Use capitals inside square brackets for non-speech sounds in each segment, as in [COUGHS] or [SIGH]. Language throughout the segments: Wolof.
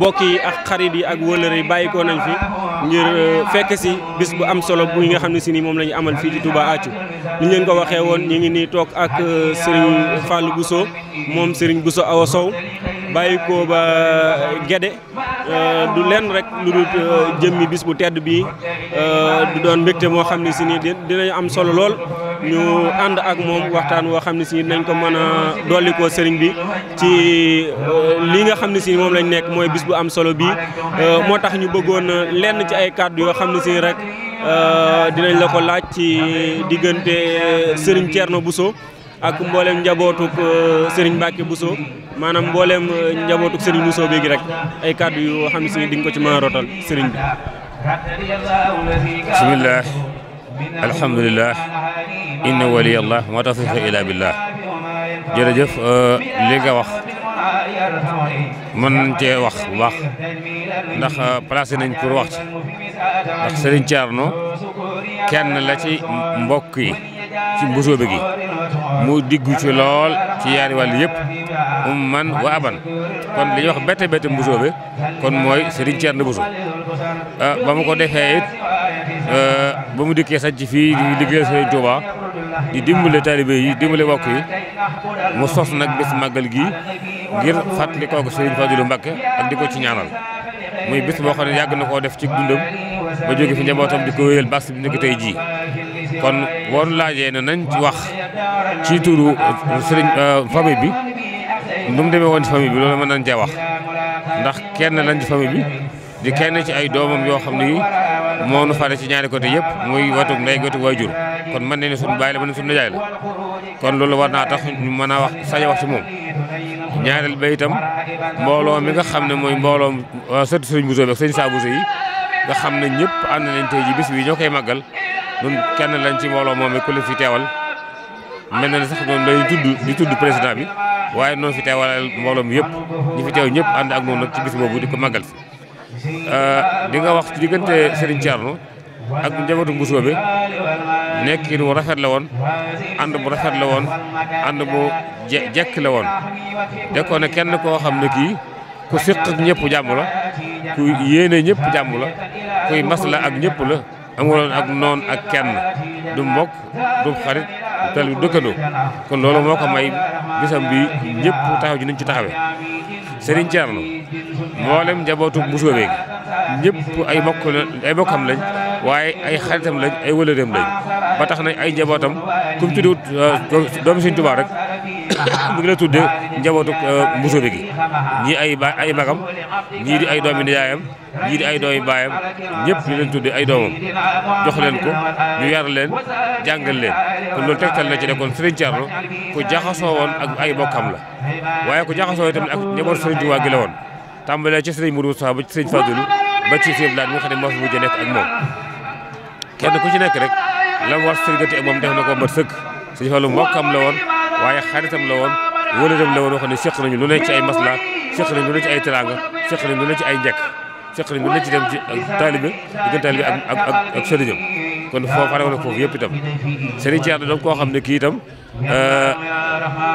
mbokk yi ak xarit yi ak wëllëre yi bàyyikoo nañ fi ngir euh, fekk si bis bu am solo bu nga xam ne si nii moom la amal fii di Touba Athio ñu leen ko waxee woon ñu ngi nii toog ak euh, Serigne Fallou soo moom sëriñ Serigne aw a Sow bàyyikoo ba Guédé euh, du lenn rek lu dul jëmmi bis bu tedd bii du doon mbégte moo xam ne si nii dinañu am solo lool ñu ànd ak moom waxtaan woo xam ne si nañ ko mën a dolli ko sëriñ bi ci euh, lii nga xam ne si moom lañ nekk mooy bis bu am solo bi euh, moo tax ñu bëggoon lenn ci ay kàddu yoo xam ne si rek euh, dinañ la ko laaj ci diggante sëriñ Thierno Bousso ak mboolem njabootuk sëriñ Mbacke Bousso maanaam mbooleem njabootuk sëriñ Bousso bi rek ay kàddu yoo xam ne si di nga ko ci mën a rotal sëriñ bi. bismillah. alhamdulilah inna waliyallah wa tawfiqi ila billah jërëjëf euh, li nga wax mën nañ cee wax bu ndax euh, placé nañ pour wax ci ndax Serigne Thierno kenn la ci mbokk yi ci mbusoobe gi mu diggu ci lool ci yaari wàll yëpp um man wa aban kon li ñuy wax bette bette mbusoobe kon mooy Serigne Thierno Bousso ah, ba mu ko defee ah, ba mu dikkee sax ci fii di liggéeyal Serigne Touba di dimbale taalibe yi dimbale mbokk yi mu sos nag bés màggal gi ngir fàttali kooku Serigne Fadilou Mbacké ak di ko ci ñaanal muy bés boo xam ne yàgg na koo def ci dundam ba jóge fi njabootam di ko wéyal bas bi nekk tey jii kon boo nu laajee ne nañ ci wax ci turu euh, sëriñ euh, famille bi nu demee woon ci famille bi loolu mën nañ cee wax ndax kenn lañ ci famille bi di kenn ci ay doomam yoo xam ne yi moo nu fare ci ñaari côté yëpp muy watug ndey watug jur kon mën nañu suñu baay la mën nañu suñu nijaay la kon loolu war naa tax ñu mën a wax sañ wax ci moom ñaareel ba itam mbooloo mi nga xam ne mooy mbooloo euh, sët sëriñ Bousso bi ak sëriñ Saa Bousso yi nga xam ne ñëpp ànd nañ tey ji bis bi ñoo koy màggal nun kenn lañ ci mbooloo moom ku li fi teewal mel na ne sax noonu lay tudd di tudd président bi waaye noonu fi teewalal mbooloo mi yëpp ñi fi teew ñëpp ànd ak noonu nag ci bis boobu di ko màggal fi euh, di nga wax ci diggante Serigne Thierno ak njabootu Mbusoobe nekkin wu rafet la woon ànd bu rafet la woon ànd bu jekk la woon de ko ne kenn koo xam ne kii ku siq ñëpp jàmm la ku yéene ñëpp jàmm la kuy la ak ñëpp la amuloon ak noon ak kenn du mbokk du xarit tal du dëkkandoo kon loolu moo ko may bisam bi ñëpp taxaw ji niñ ci taxawe Serigne Thierno mboolem njabootu Mboussobé gi ñëpp ay mbokk ay mbokkam lañ waaye ay xaritam lañ ay wëlëreem lañ ba tax na ay njabootam ku mu tudd uh, doomu Serigne Touba rek mu [LAUGHS] ngi la tuddee njabootu euh, Mboussobé gi ñii ay ba ay magam ñii di ay doomi yaayam ñii di ay doomi baayam ñëpp ñu leen tuddee ay doomam jox leen ko ñu yar leen jàngal leen kon loolu tegtal na ci ne kon Serigne Thierno ku jaxasoo woon ak ay bokkam la waaye ku jaxasoo itam ak njaboot Serigne Touba woon tàmbalee ci Serigne Mourou Moussa ba ci Serigne Fadilou ba ci Serigne Blane mi nga xam ne moo fi mujj nekk ak moom kenn ku ci nekk rek la mu war sërgati ak moom def na ko mat sëkk sëñ Fallou mbokkam la woon waaye xaritam la woon wëlëram la woon wax ne seq nañu lu ne ci ay masla seq nañu lu ci ay teraanga seq nañu lu ne ci ay njekk seq nañu lu ne ci dem ci ak taalibe diggante taalibe ak ak ak ak sëriñam kon foofu xare wala foofu yëpp itam sëriñ Thierno doom koo xam ne kii itam euh,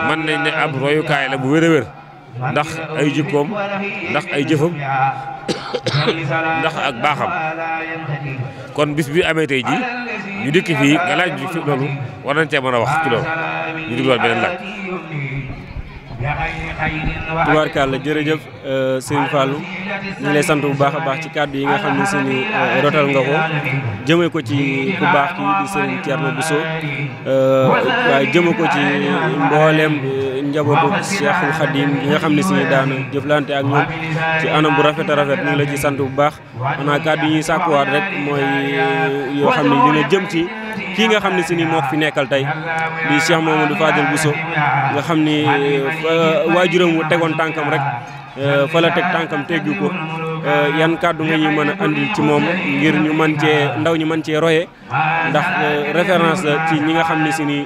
mën nañ ne ab royukaay la bu wér a wér ndax ay jikkoom ndax ay jëfam [COUGHS] ndax ak baaxam kon bis amee tey jii yu dëkk fii nga laaj loolu war nañ cee mën a wax ci loolu ñu tubaarkàlla jërëjëf euh, sëñ Fallou ñu ngi lay sant bu baax a baax ci kàddu yi nga xam ne seen euh, rotal nga ko jëmee ko ci bu baax seen di sëriñ Thierno Bousso euh, waaye jëme ko ci mbooleem njabootu Cheikhul Khadim yi nga xam ne si daana jëflante ak ñoom ci anam bu rafet a rafet ñu ngi la ji sant bu baax xanaa kàddu yi ñuy sàkkuwaat rek mooy yoo xam ne dina jëm ci kii nga xam ne si ni moo fi nekkal tey di Cheikh Mamadou Fadel Bousso nga xam ni waajuram wu tegoon tànkam rek euh, fa la teg tànkam teggu ko euh, yan kàddu nga ñu mën a andi ci moom ngir ñu mën cee ndaw ñu mën cee roye ndax euh, référence la ñi nga xam ni si ni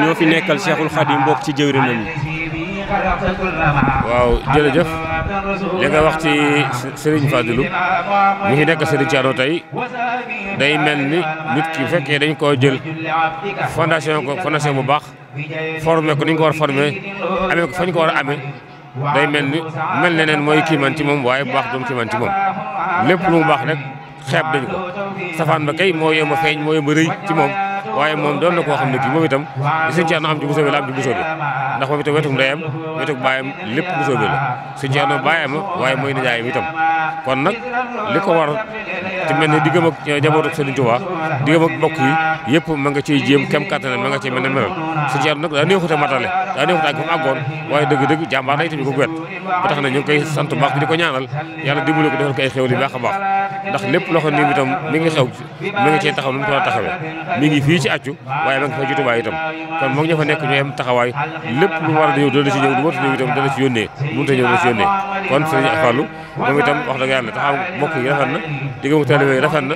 ñoo fi nekkal Cheikhul Khadim bokk ci jëwrinam yi waaw jërëjëf li nga wax ci Serigne Fadilou mu fi nekk Serigne Thiano tey day mel ni nit ki fekkee dañ ko jël fondation ko fondation bu baax formé ko ni ñu ko war formé amee ko fa ñu ko war a amee day mel ni mel ne neen mooy kiiman ci moom waaye bu baax doom kiiman ci moom lépp lu mu baax rek xeeb dañ ko safaan ba kay moo yem a feeñ moo yem a rëy ci moom waaye moom doon na koo xam ne kii moom itam li sëñ Ceerno am ci Mbusoobe la am ci Mbusoobe ndax moom itam wetuk ndeyam kon nag li ko war mel ni diggam ak njaboot ak Sëriñ Tuubaa diggam ak mbokk yi yëpp ma nga ciy jéem kem kattanam ma nga ciy mel ne melal sëñ Ceerno nag a matale daa neexut dëgg-dëgg jàmbaar la itam ko gwet tax na ñu ngi koy sant baax bi di ko ñaanal yàlla dimbali ko defal xew li a baax ndax lépp loo xam ne itam mi ngi xew mi ngi cee taxaw lu mu ko taxawee mi ngi fii ci àccu waaye ma nga fa jiitu itam kon moom ña fa nekk ñoo am taxawaay lépp lu war a ñëw dana ci ñëw lu war a ñëw itam dana ci yónnee mënut a ñëw dana ci yónnee kon sëriñ Fallou moom itam wax dëgg yàlla taxaw mbokk yi rafet na diggam ak taalibe rafet na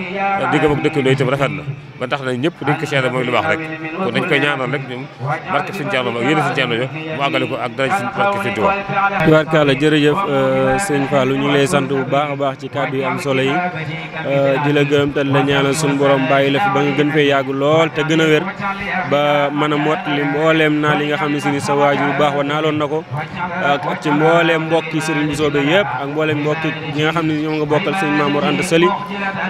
diggam ak dëkkandoo itam rafet na ba tax na ñëpp dañ ko seede mooy lu baax rek kon dañ koy ñaanal rek ñoom barke sëriñ Thierno ak mu àggale ko ak dara ci barke sëriñ Touba tubaarkàlla jërëjëf euh, ñu ngi lay sant bu baax a baax ci kàddu yi am solo yi euh, di la gërëm te la ñaanal suñu borom bàyyi la ba gën fee yàgg lool te gën a wér ba mën a mottali mboolem naa li nga xam ne si ni sa waajur bu baax wa naaloon na ko ak ci mbooleem mbokki sëriñ Bousso be yëpp ak mbooleem mbokki ñi nga xam ne ñoom nga bokkal sëriñ Mamour Anta Sali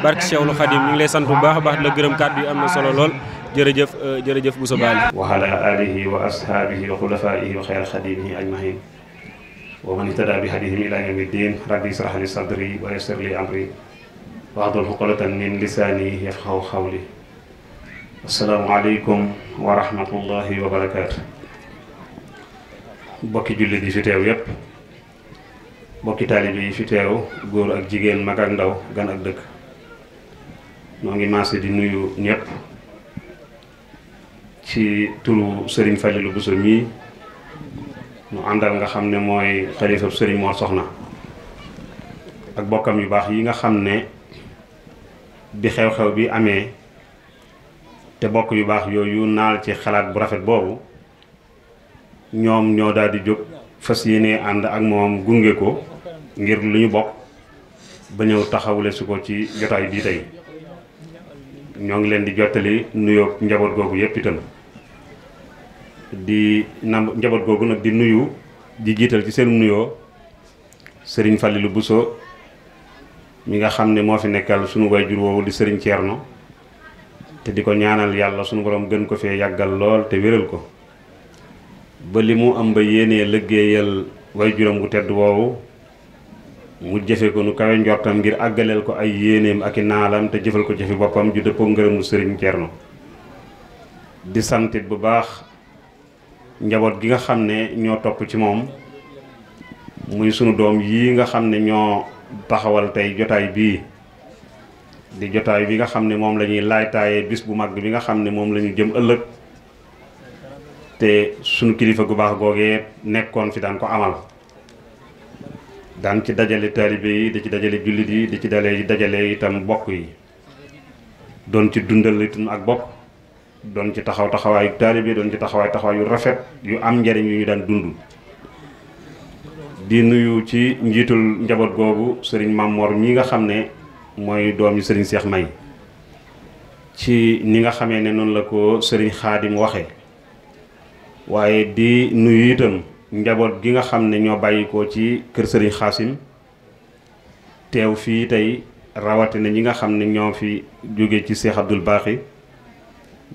barke Cheikhul Khadim ñu ngi lay sant bu baax a baax la gërëm kàddu bi am na solo lool jërëjëf euh, jërëjëf Bousso Bally wa ala alihi wa ashaabihi wa xulafaihi wa xayr xadimihi ajmahin wa man ihtada bi hadihim ila yawmi ddin rabbi israh li sadri wa yassir li amri wahdul uqdatan min lisani yafqahu qawli asalaamaaleykum wa rahmatullahi wa barakaatu bokki jullit yi fi teew yépp bokki taalibe yi fi teew góor ak jigéen mag ak ndaw gan ak dëkk noo ngi maase di nuyu ñépp ci turu sëriñ Falilu Buso mii mu àndal nga xam ne mooy xalifab sëriñ moo Soxna ak bokkam yu baax yi nga xam ne bi xew-xew bi amee te bokk yu baax yooyu naal ci xalaat bu rafet boobu ñoom ñoo daal di jóg fas yéene ànd ak moom gunge ko ngir lu ñu bokk ba ñëw taxawule su ko ci jotaay bii tey ñoo ngi leen di jottali nuyoo njaboot googu yépp itam di nam njaboot googu nag di nuyu di jiital ci seen nuyoo sëriñ Fallilou Bousso mi nga xam ne moo fi nekkal sunu waajur woowu di sëriñ Thierno. te di ko ñaanal yàlla sunu borom gën ko fee yàggal lool te wéral ko ba li mu am ba yéenee liggéeyal way juróom gu tedd woowu mu jëfe ko nu kawe njortam ngir àggaleel ko ay yéeneem ak i naalam te jëfal ko jëfi boppam ju dëppoo ngërëmu sëriñ Thierno di santit bu baax njaboot gi nga xam ne ñoo topp ci moom muy sunu doom yi nga xam ne ñoo taxawal tey jotaay bii di jotaay bi nga xam ne moom lañuy ñuy laaytaayee bis bu mag bi nga xam ne moom la jëm ëllëg te sunu kilifa gu baax googee nekkoon fi daan ko amal daan ci dajale taalibe yi di ci dajale jullit yi di ci dalee dajale itam bokk yi doon ci dundal itam ak bokk doon ci taxaw taxawaayu taalibe doon ci taxawaay taxawaay yu rafet yu am njariñ yu ñu daan dund di nuyu ci njiitul njaboot googu sëriñ Mamor ñi nga xam ne mooy doom yi sëriñ Seex May ci ni nga xamee ne noonu la ko sëriñ Xaadim waxe waaye di nuyu itam njaboot gi nga xam ne ñoo bàyyikoo ci kër sëriñ Xaasim teew fii tey rawatina ñi nga xam ne ñoo fi jóge ci Seex Abdul Baaxi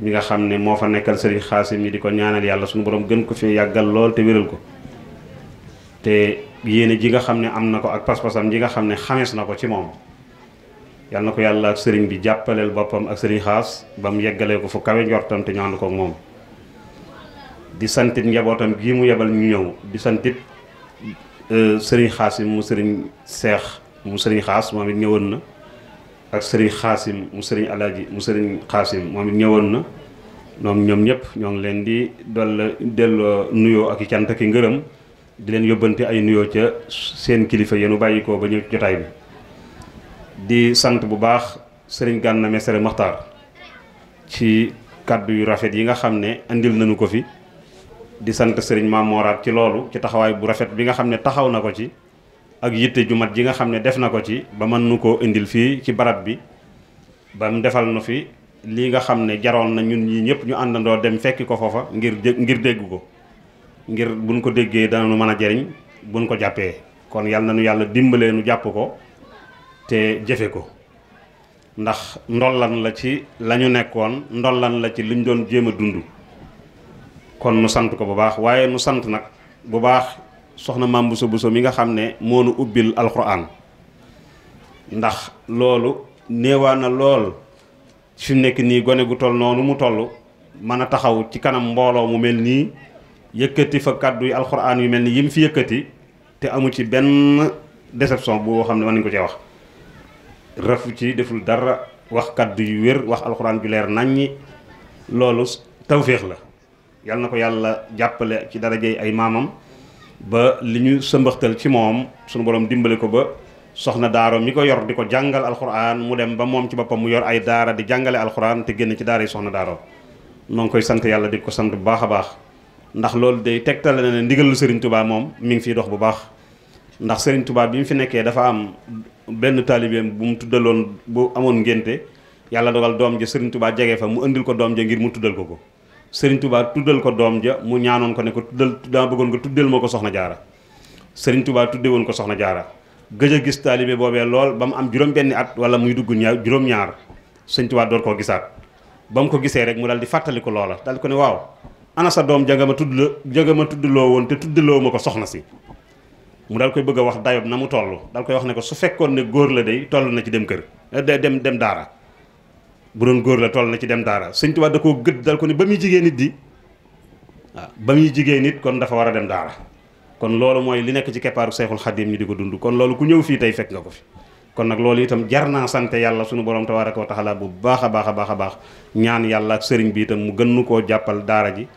mi nga xam ne moo fa nekkal sëriñ Xaasim yi di ko ñaanal yàlla suñu borom gën ko fi yàggal lool te wéral ko te yéene ji nga xam ne am na ko ak pas-pasam ji nga xam ne xamees na ko ci moom yal na ko yàlla ak sëriñ bi jàppaleel boppam ak sëriñ xaas ba mu yeggalee ko fu kawe njortam te ñu ànd ko ak moom di santit njabootam gii mu yebal ñu ñëw di santit euh, sëriñ xaasim mu sëriñ seex mu sëriñ xaas moom it ñëwoon na ak sëriñ xaasim mu sëriñ alaaji mu sëriñ xaasim moom it ñëwoon na ñoom ñoom ñëpp ñoo ngi leen di doll delloo nuyoo ak i cant ki ngërëm di leen yóbbante ay nuyoo ca seen kilifa yenu bàyyi ko ba ñëw jotaay bi di sant bu baax sëriñ Gana Messere Maxtaar ci kàddu yu rafet yi nga xam ne indil nañu ko fi di sant sëriñ Maam Mooraat ci loolu ci taxawaay bu rafet bi nga xam ne taxaw na ko ci ak yitte ju mat ji nga xam ne def na ko ci ba mën nu koo indil fii ci barab bi ba mu defal nu fi lii nga xam ne jaroon na ñun ñi ñëpp ñu àndandoo dem fekki ko foofa ngir ngir dégg ko ngir buñ ko déggee dana nu mën a jariñ buñ ko jàppee kon yàlla na nu yàlla dimbalee nu jàpp ko te jëfe ko ndax ndollan la ci lañu ñu nekkoon ndollan la ci liñ doon jéem a dund kon nu sant ko bu baax waaye nu sant nag bu baax soxna maam Bousso Bousso mi nga xam ne moo nu ubbil alxuraan ndax loolu néewaa na lool fi nekk nii gone gu toll noonu mu toll mën a taxaw ci kanam mbooloo mu mel nii yëkkati fa kàddu yi alxuraan yu mel ni yim fi yëkkati te amu ci benn déception boo xam ne mën nañu ko cee wax rafu ci deful dara wax kaddu yu wér wax alxuraan ju leer naññi loolu tawféex la yal na ko yàlla jàppale ci dara darajey ay maamam ba li ñu sëmbaxtal ci moom sunu borom dimbale ko ba soxna daaro mi ko yor di ko jàngal alxuraan mu dem ba moom ci boppam mu yor ay daara di jàngale alxuraan te génn ci daara yi soxna daaro noo koy sant yàlla di ko sant bu baax a baax ndax loolu dey tegtale na ne ndigalu sëriñ tubaab moom mi ngi fiy dox bu baax ndax Serigne benn taalibeem bu mu tuddaloon bu amoon ngénte yàlla dogal doom ja Serigne tubaa jege fa mu indil ko doom ja ngir mu tuddal ko ko Serigne tuddal ko doom ja mu ñaanoon ko ne ko tuddal dama bëggoon nga tuddal moo ko soxna jaara Serigne Touba tudde woon ko soxna jaara gëj a gis taalibe boobee lool ba mu am juróom-benni at wala muy dugg ñaar juróom-ñaar Serigne Touba koo gisaat ba mu ko gisee rek mu daal di fàttali ko loola daal ko ne waaw ana sa doom ja ma tudd la ja nga ma tuddloo woon te tuddloo ma ko soxna si mu daal koy bëgg a wax dayob na mu toll daal koy wax ne ko su fekkoon ne góor la day toll na ci dem kër eh, dem dem daara bu doon góor la toll na ci dem daara sëñ Tuubaa da koo gëdd dal ko ne ba muy jigéen nit di waaw ah, ba muy jigéen nit kon dafa war a dem daara kon loolu mooy li nekk ci keppaaru Seexul Xadiim ñu di ko dund kon loolu ku ñëw fii tey fekk nga ko fi kon nag loolu itam jar naa sant yàlla sunu borom tabaaraka wa taala bu baax a baax a baax a baax ñaan yàlla ak sëriñ mu gën nu koo jàppal daara ji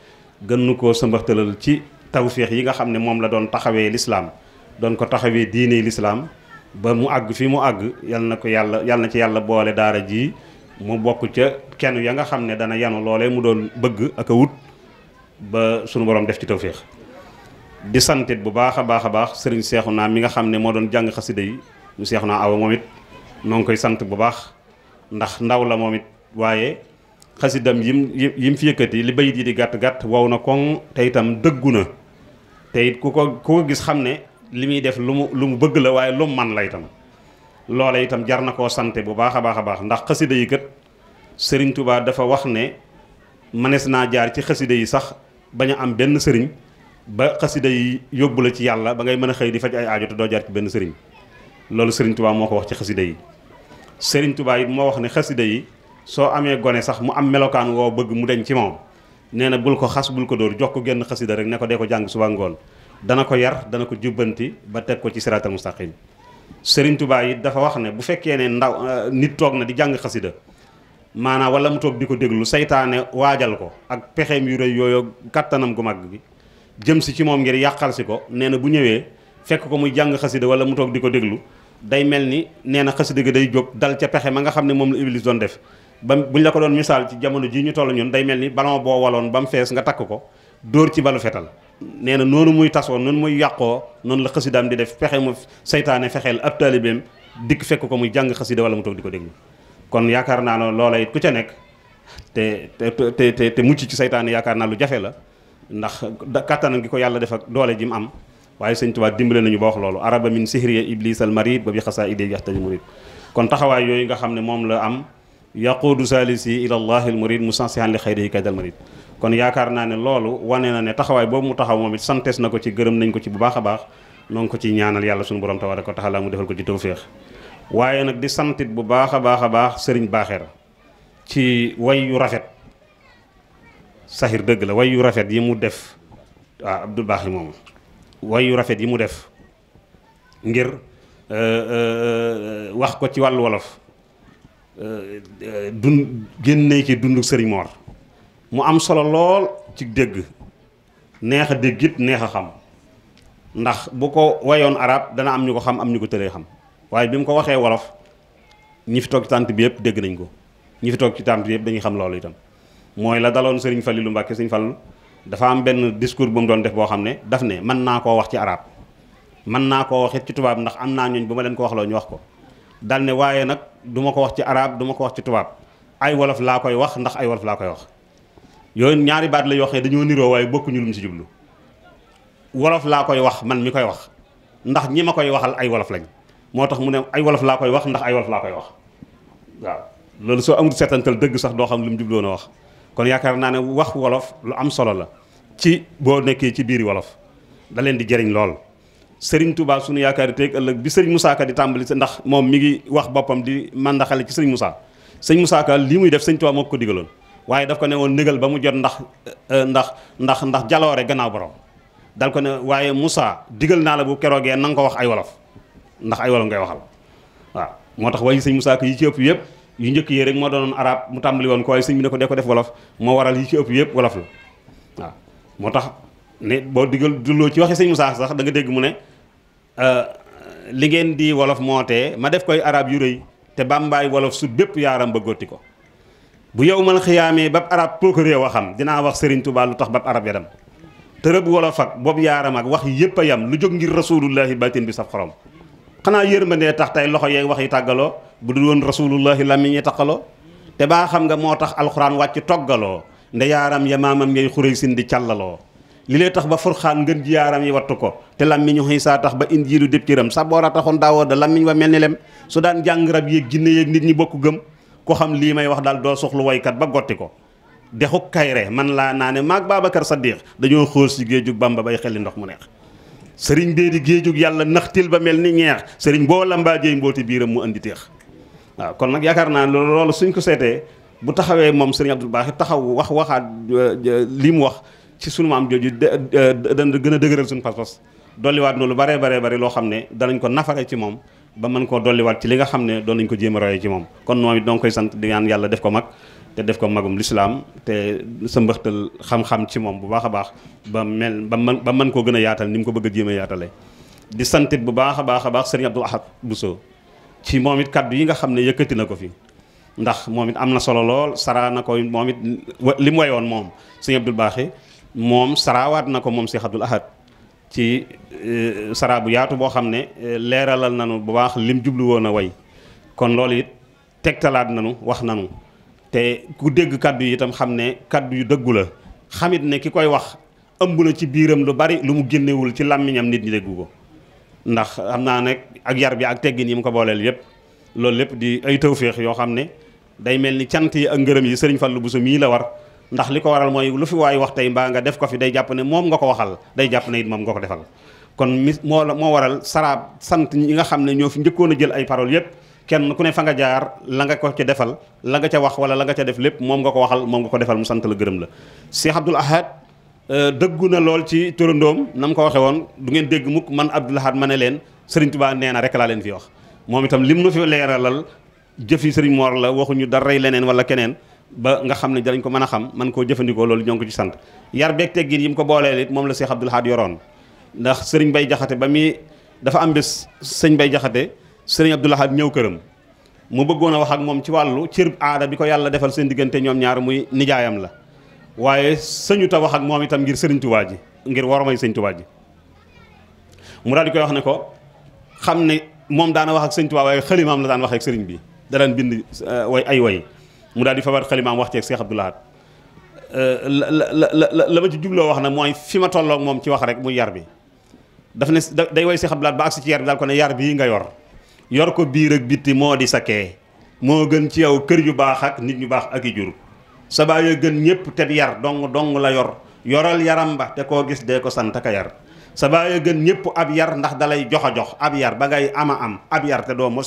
gën nu koo sëmbaxtalal ci tawféex yi nga xam ne moom la doon taxawee lislaam doon ko taxawee diine lislaam ba mu àgg fi mu àgg yal na ko yàlla yal na ci yàlla boole daara ji mu bokk ca kenn ya nga xam ne dana yanu loole mu doon bëgg ak wut ba sunu borom def ci tawféex di santit bu baax a baax a baax sëriñ seexu naa mi nga xam ne moo doon jàng xasida yi mu seexu naa awa moom it noo koy sant bu baax ndax ndaw la moom it waaye xasidam yim yim fi yëkkati li bayit yi di gàtt gàtt wow na koŋ te itam dëggu na te it ku ko li muy def lu mu lu mu bëgg la waaye lum man la itam loola itam jar na koo sante bu baax a baax a baax ndax xasida yi kat sëriñ tubaa dafa wax ne mënees naa jaar ci xasida yi sax bañ am benn sëriñ ba xasida yi yóbbu la ci yàlla ba ngay mën a xëy di faj ay aajo te doo jaar ci benn sëriñ loolu sëriñ tubaa moo ko wax ci xasida yi sëriñ Touba it moo wax ne xasida yi soo amee gone sax mu am melokaan woo bëgg mu dem ci moom neena na bul ko xas bul ko dóor jox ko genn xasida rek ne ko dee ko jàng suba ngoon dana ko yar dana ko jubbanti ba teg ko ci siraatal mustaqim sëriñ Tuubaa yi dafa wax ne bu fekkee ne ndaw euh, nit toog na di jàng xasida maanaam wala mu toog di ko déglu seytaane waajal ko ak pexeem yu rëy yooyu kàttanam gu mag gi jëm si ci moom ngir yàqal si ko nee na bu ñëwee fekk ko muy jàng xasida wala mu toog di ko déglu day mel ni nee na xasida gi day jóg dal ca pexe ma nga xam ne moom la Iblis doon def ba buñ la ko doon misaal ci jamono ji ñu toll ñun day mel ni ballon boo waloon ba mu fees nga takk ko dóor ci balu fetal nee na noonu muy tasoo noonu muy yàqoo noonu la xasidaam di def fexe mu seytaane fexeel ab taalibeem dikk fekk ko muy jàng xasida wala mu toog di ko déglu kon yaakaar naa ne loola it ku ca nekk te te te te mucc ci seytaane yaakaar naa lu jafe la ndax kattanam ngi ko yàlla def doole ji mu am waaye sëñ Tuubaa dimbale nañu ba wax loolu araba min sihriya iblis al marid ba bi xasaa idee yaxtaji murid kon taxawaay yooyu nga xam ne moom la am yaquudu saalisi ila allahi al murid musansihan li xayrihi kaydal marid kon yaakaar naa ne loolu wane na ne taxawaay boobu mu taxaw moom it santees na ko ci gërëm nañ ko ci bu baax a baax noo ko ci ñaanal yàlla suñu borom tabaraka wa taala mu defal ko ci tawféex waaye nag di santit bu baax a baax a baax sëriñ baaxeer ci way yu rafet saxir dëgg la way yu rafet yi mu def waaw ah, Abdou Baaxi moomu way yu rafet yi mu def ngir euh, euh, euh, wax ko ci wàllu wolof dun génnee ci dundu sëriñ Moor mu am solo lool ci dégg neex a dégg it neex a xam ndax bu ko wayoon arab dana am ñu ko xam am ñu ko tëree xam waaye bi mu ko waxee wolof ñi fi toog ci tànt bi yëpp dégg nañ ko ñi fi toog ci tànt bi yëpp dañuy xam loolu itam mooy la daloon sëriñ Falilu Mbàkke sëriñ Fallu dafa am benn discours bu mu doon def boo xam ne daf ne mën naa koo wax ci araab mën naa koo wax it ci tubaab ndax am naa ñooñ bu ma leen ko wax loo ñu wax ko dal ne waaye nag du ko wax ci arab du ko wax ci tubaab ay wolof laa koy wax ndax ay wolof laa koy wax yooyu ñaari baat la yoo xam dañoo niroo waaye bokkuñu lu mu si jublu wolof laa koy wax man mi koy wax ndax ñi ma koy waxal ay wolof lañ moo tax mu ne ay wolof laa koy wax ndax ay wolof laa koy wax waaw loolu soo amul seetantal dëgg sax doo xam lu mu jubloon a wax kon yaakaar naa ne wax wolof lu am solo la ci boo nekkee ci biiri wolof da leen di jëriñ lool sëriñ Touba sunu yaakaar teeg ëllëg bi sëriñ Moussa Ka di tàmbali ndax moom mi ngi wax boppam di mandaxale ci sëriñ Moussa sëriñ lii muy def sëriñ Touba moo ko digaloon waaye daf ko ne woon ndigal ba mu jot ndax euh, euh, ndax ndax ndax jaloore gannaaw borom dal ko ne waaye Moussa digal naa la bu keroogee na nga ko wax ay wolof ndax ay wolof ngay waxal waaw moo tax waaye sëñ Moussa ko ci ëpp yëpp yu njëkk yi moo doonoon arab mu tàmbali woon ko waaye ne ko de ko def wolof moo waral yi ci ëpp yëpp wolof la moo tax ne boo digal dulloo ci waxe sëñ Moussa sax danga nga dégg mu ne euh, li ngeen di wolof moo tee ma def koy arab yu rëy te bàmbaay wolof su bépp yaaram ba gotti ko bu yowmal xiyaamee bab arab procureur a xam dinaa wax Serigne Touba lu tax bab arab yadam tërëb wolof ak bopp yaaram ak wax yépp a yam lu jóg ngir rasulullahi batin bi saf xorom xanaa ma yërmandee tax tey loxo yeeg wax yi tàggaloo bu dul woon rasulullahi làmmiñ yi taqaloo te baa xam nga moo tax alxuraan wàcc toggaloo nde yaaram ya maamam yay xurey sin di càllaloo li lee tax ba furxaan ngën ji yaaram yi wattu ko te lammiñu xiisaa tax ba indiilu dép cëram saboora taxoon daawoo da lammiñ wa mel ni lem su daan jàng rab yéeg jinne nit ñi bokk gëm ku xam lii may wax daal doo soxlu woykat ba gotti ko dexu kayre man laa naa ne maag sa Saddiq dañoo xóor si géejug Bamba bay xelli ndox mu neex sëriñ bee di géejug yàlla naxtil ba mel ni ñeex sëriñ boo lambaajee mbooti biiram mu indi teex waaw kon nag yaakaar naa loolu suñ ko seetee bu taxawee moom sëriñ baax Baaxi taxaw wax waxaat euh, euh, li mu wax ci sunu maam jooju euh, dana gën a dëgëral suñu pas-pas dolliwaat na lu baree baree bari loo xam ne danañ ko nafare ci moom ba mën koo dolliwaat ci li nga xam ne doon nañ ko jéem a royee ci moom kon moom it doo koy sant di ñaan yàlla def ko mag te def ko magum lislaam te sa mbëxtal xam-xam ci moom bu baax a baax ba mel ba man mën koo gën a yaatal ni mu ko bëgg a jéem yaatale di santit bu baax a baax a baax sëriñ Abdou Ahad Bousso ci moom it kaddu yi nga xam ne yëkkati na ko fii ndax moom it am na solo lool saraa na ko moom it li mu wayoon moom sëriñ Abdou Baaxe moom saraawaat na ko moom Cheikh Abdoul Ahad ci euh, saraa bu yaatu boo xam ne euh, leeralal nanu bu baax lim jublu woon a way kon loolu it tegtalaat nanu wax nanu te ku dégg kàddu yi itam xam ne kàddu yu dëggu la xamit ne ki koy wax ëmb na ci biiram lu bari lu mu génnewul ci làmmiñam nit ñi déggu ko ndax xam naa nekk ak yar bi ak teggin yi mu ko booleel yépp loolu lépp di ay tawféex yoo xam ne day mel ni cant yi ak ngërëm yi sëriñ Fallou Bousso mii la war ndax li ko waral mooy lu fi waay wax tey mbaa nga def ko fi day jàpp ne moom nga ko waxal day jàpp ne it moom nga ko defal kon mi moo moo waral saraab sant ñi nga xam ne ñoo fi njëkkoon a jël ay parole yépp kenn ku ne fa nga jaar la nga ko ca defal la nga ca wax wala la nga ca def lépp moom nga ko waxal moom nga ko defal mu sant la gërëm la Cheikh Abdoul Ahad euh, dëggu na lool ci turandoom na mu ko waxee woon du ngeen dégg mukk man Abdoul Ahad ma ne leen Serigne Touba nee na rek laa leen fi wax moom itam lim nu fi leeralal jëfi Serigne Mor la waxuñu dara leneen wala keneen ba nga xam ne danañ ko mën a xam man koo jëfandikoo loolu ñoo ko ci sant yar beeg teggin yi mu ko booleel it moom la Cheikh Abdoul Ahad yoroon ndax sëriñ bay jaxate ba muy dafa am bés sëñ bay jaxate sëriñ Abdoul Ahad ñëw këram mu bëggoon a wax ak moom ci wàllu cër aada bi ko yàlla defal seen diggante ñoom ñaar muy nijaayam la waaye sëñu ta wax ak moom itam ngir sëriñ tubaa ji ngir warmay sëñ tubaa ji mu daal di koy wax ne ko xam ne moom daana wax ak sëñ tubaa waaye xalimaam la daan wax sëriñ bi da daan bind eh, way ay way mu daal di fabar xalimaam wax ceeg Cheikh Abdou Lahad euh, la la la ma ci jubloo wax nag mooy fi ma tollook moom ci wax rek muy yar bi daf ne day woy Cheikh Abdou Lahad ba agsi ci yar bi daal ko ne yar bii nga yor yor ko biir ak bitti moo di sake moo gën ci yow kër yu baax ak nit ñu baax ak i jur sa baay gën ñëpp te yar dong dong la yor yoral yaram ba te koo gis dee ko sant ka yar sa baay gën ñëpp ab yar ndax dalay jox a jox ab yar ba ngay ama am ab yar te doo mos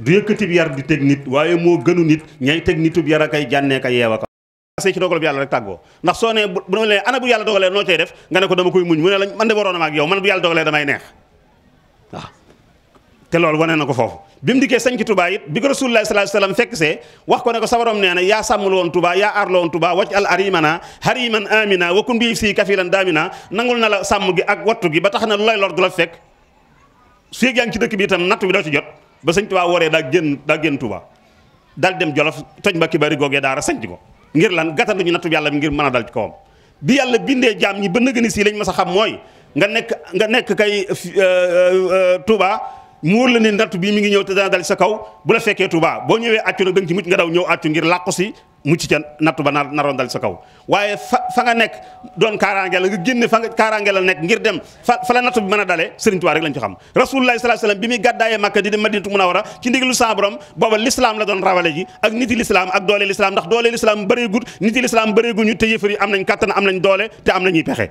du yëkkatib yar di teg nit waaye moo gënu nit ñay teg nitub yar akay jànnee ka yeewa ka la dogalub yàlla rek tàggoo ndax soo nee bu ne lee ana bu yàlla dogalee noo cay def nga ne ko dama koy muñ mu ne lañ man de waroon na ma yow man bu yàlla dogalee damay neex waaw te loolu wane na ko foofu bi mu dikkee sañ ci Touba it bi ko Rasulullah sallallahu alayhi wasallam fekk see wax ko ne ko sabarom nee na yaa na la sàmm gi ak wattu gi ba tax na lu lay lor du la fekk su yaa ngi ci dëkk bi itam nattu bi doo ci jot ba sëñ Tuubaa waree daa génn daa génn Tuubaa dal dem Jolof toj Mbàkke Bari googee daara sanc ko ngir lan gàttandu ñu nattu yàlla bi ngir mën a dal ci kawam bi yàlla bindee jaam ñi ba nëgëni si lañ mas a xam mooy nga nekk nga nekk kay euh, euh, Tuubaa mu wóor la ne nattu bii mu ngi ñëw te dana dal ci sa kaw bu la fekkee Tuubaa boo ñëwee accu nag da nga ci mucc nga daw ñëw accu ngir làqu si mucc ca nattu ba naroon dal sa kaw waaye fa fa nga nekk doon kaaraange la nga génne fa nga kaaraange la nekk ngir dem fa fa la nattu bi mën a dalee Sëriñ Tuubaa rek lañ ci xam rasulullah sallallahu alayhi wasallam bi muy gàddaayee Makka di dem Madinatu Munawwara ci ndigalu sa borom booba l'islam la doon rawale ji ak niti l'islam ak doole l'islam ndax doole l'islam bëreegut niti l'islam bëreeguñu te yëfar am nañ kattan am nañ doole te am nañuy pexe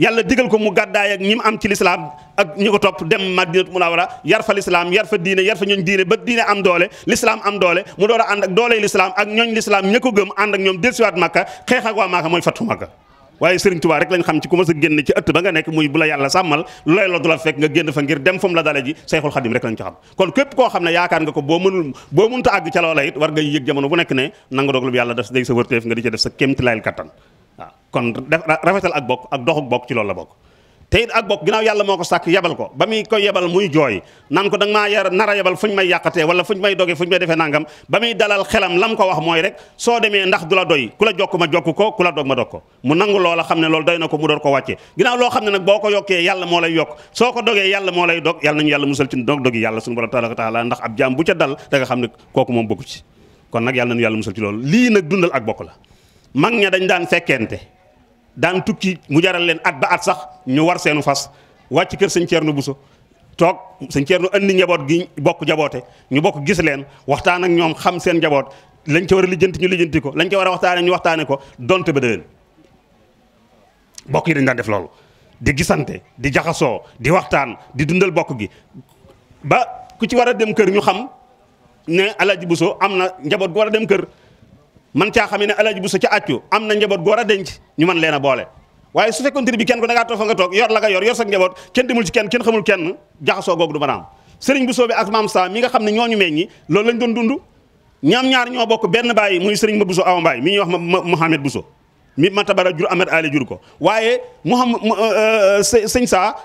yàlla digal ko mu gàddaay ak ñi am ci lislaam ak ñi ko topp dem madinatu munawara yar fa lislaam yar fa diine yar fa ñooñ diine ba diine am doole lislaam am doole mu door a ànd ak doole lislaam ak ñooñ lislaam ña gëm ànd ak ñoom delsiwaat makka xeex waa makka mooy fattu makka waaye Serigne Touba rek lañ xam ci ku sa génn ci ëtt ba nga nekk muy bu la yàlla sàmmal looy la du la fekk nga génn fa ngir dem fa la dale ji ne yaakaar nga ko boo mënul boo mënta àgg ca loola it war nga yëg jamono sa wërteef nga di waaw kon rafetal ak bokk ak doxuk bokk ci loolu la bokk te it ak bokk ginnaaw yàlla moo ko sàkk yebal ko ba muy ko yebal muy jooy naan ko da nga maa yar nar a yebal fu ñu may yàqatee wala fu ñu may doge fu ñu may defee nangam ba muy dalal ko wax mooy rek soo demee ndax du la doy ku la jokk ma jokk ko ku la dog ma dog ko mu nangu loola xam ne loolu doy na ko mu door ko wàcce ginnaaw loo xam ne nag boo ko yokkee yàlla moo lay yokk soo ko dogee yàlla moo lay dog yàlla nañu yàlla musal ci dog dogi yàlla suñu borom tabaraka taala ndax ab jaam bu ca dal da xam ne kooku moom bokku ci kon nag yàlla nañu yàlla musal ci loolu lii nag dundal ak bokk la mag ña dañ daan fekkente daan tukki mu jaral leen at ba at sax ñu war seenu fas wàcc kër sëñ Thierno Bousso toog sëñ Thierno andi njaboot gi bokk jaboote ñu bokk gis leen waxtaan ak ñoom xam seen njaboot lañ ca war a lijjanti ñu lijjanti lañ ca war a waxtaane ñu waxtaane ko donte ba déwén bokk yi dañ daan def loolu di gisante di jaxasoo di waxtaan di dundal bokk gi ba ku ci war a dem kër ñu xam ne Alaaji buso am na njaboot gu war a dem kër man caa xam ne alaaji bu sa ca àccu am na njaboot góor a denc ñu man leen a boole waaye su fekkoon bi kenn ku da ngaa fa nga toog yor la nga yor yor sa njaboot kenn demul ci kenn kenn xamul kenn jaxasoo googu du mën a am sëriñ bu soobee ak maam sa mi nga xam ne ñooñu meññi loolu lañ doon dund ñoom ñaar ñoo bokk benn bàyyi muy sëriñ ma Bousso Awa Mbaye mi ñuy wax ma Mouhamed Bousso mi ma tabara jur Ahmed Ali jur ko waaye Mouhamad sëñ saa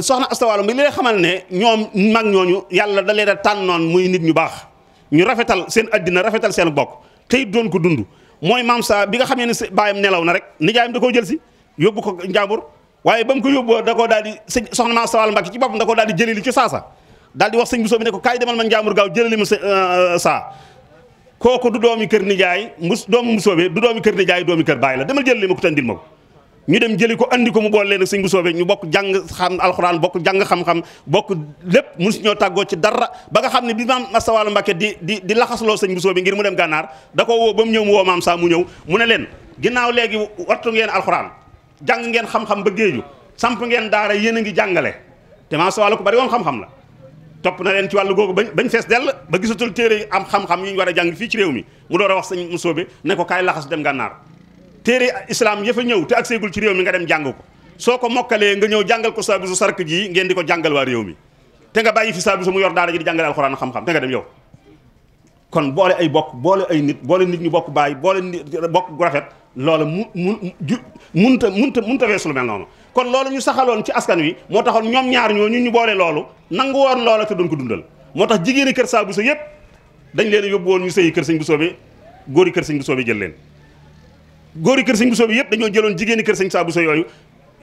soxna Astawaalo mi lay xamal ne ñoom mag ñooñu yàlla da leen a tànnoon muy nit ñu baax ñu rafetal seen addina rafetal seen bokk tey doon ko dund mooy maam saa bi nga xamee ne sa baayam nelaw na rek nijaayam da koo jël si yóbbu ko njàmbur waaye ba mu ko yóbbu da koo daal di sëñ soxna maam Sawal Mbàkke ci boppam da koo daal di jëli li ci saasa daal di wax sëñ Bousso bi ne ko kaay demal ma njàmbur gaaw jëlali ma sa koo euh, euh, kooku du doomi kër nijaay mus doomu Bousso bi du doomi kër nijaay doomi kër baay la demal jëlali ma ko tandil ma ko ñu dem jëli ko indi ko mu boole leen ak sëñ bu soobee ñu bokk jàng xam alxuraan bokk jàng xam-xam bokk lépp mësu ñoo tàggoo ci dara ba nga xam ne bi maam Massawaalu Mbàkke di di di laxasloo sañ bu soobee ngir mu dem gànnaar da ko woo ba mu ñëw mu woo maam saa mu ñëw mu ne leen ginnaaw léegi wattu ngeen alxuraan jàng ngeen xam-xam ba géeju samp ngeen daara yéen a ngi jàngale te maam Massawaalu ko bari woon xam-xam la topp na leen ci wàll googu ba bañ fees dell ba gisatul téere am xam yu ñu war jàng fii ci réew mi mu door wax sëñ bu soobee ne ko kaay laxas dem gànnaar téere islaam ya fa ñëw te ak seegul ci réew mi nga dem jàng ko soo ko mokkalee nga ñëw jàngal ko saabu su sark ji ngeen di ko jàngal waa réew mi te nga bàyyi fi saabu su mu yor daara ji di jàngale alxuraan xam-xam te nga dem yow kon boole ay bokk boole ay nit boole nit ñu bokk bàyyi boole nit bokk gu rafet loolu mu mu ju munta munta munta weesu lu mel noonu kon loolu ñu saxaloon ci askan wi moo taxoon ñoom ñaar ñoo ñu ñu boole loolu nangu woon loola te ko dundal moo tax jigéeni kër saabu sa yëpp dañ leen yóbbu woon ñu sëyi kër sëñ bu soobee góori kër sëñ bu soobee jël leen góori kër sëñ Bousso bi yëpp dañoo jëloon jigéeni kër sëñ Saa Bousso yooyu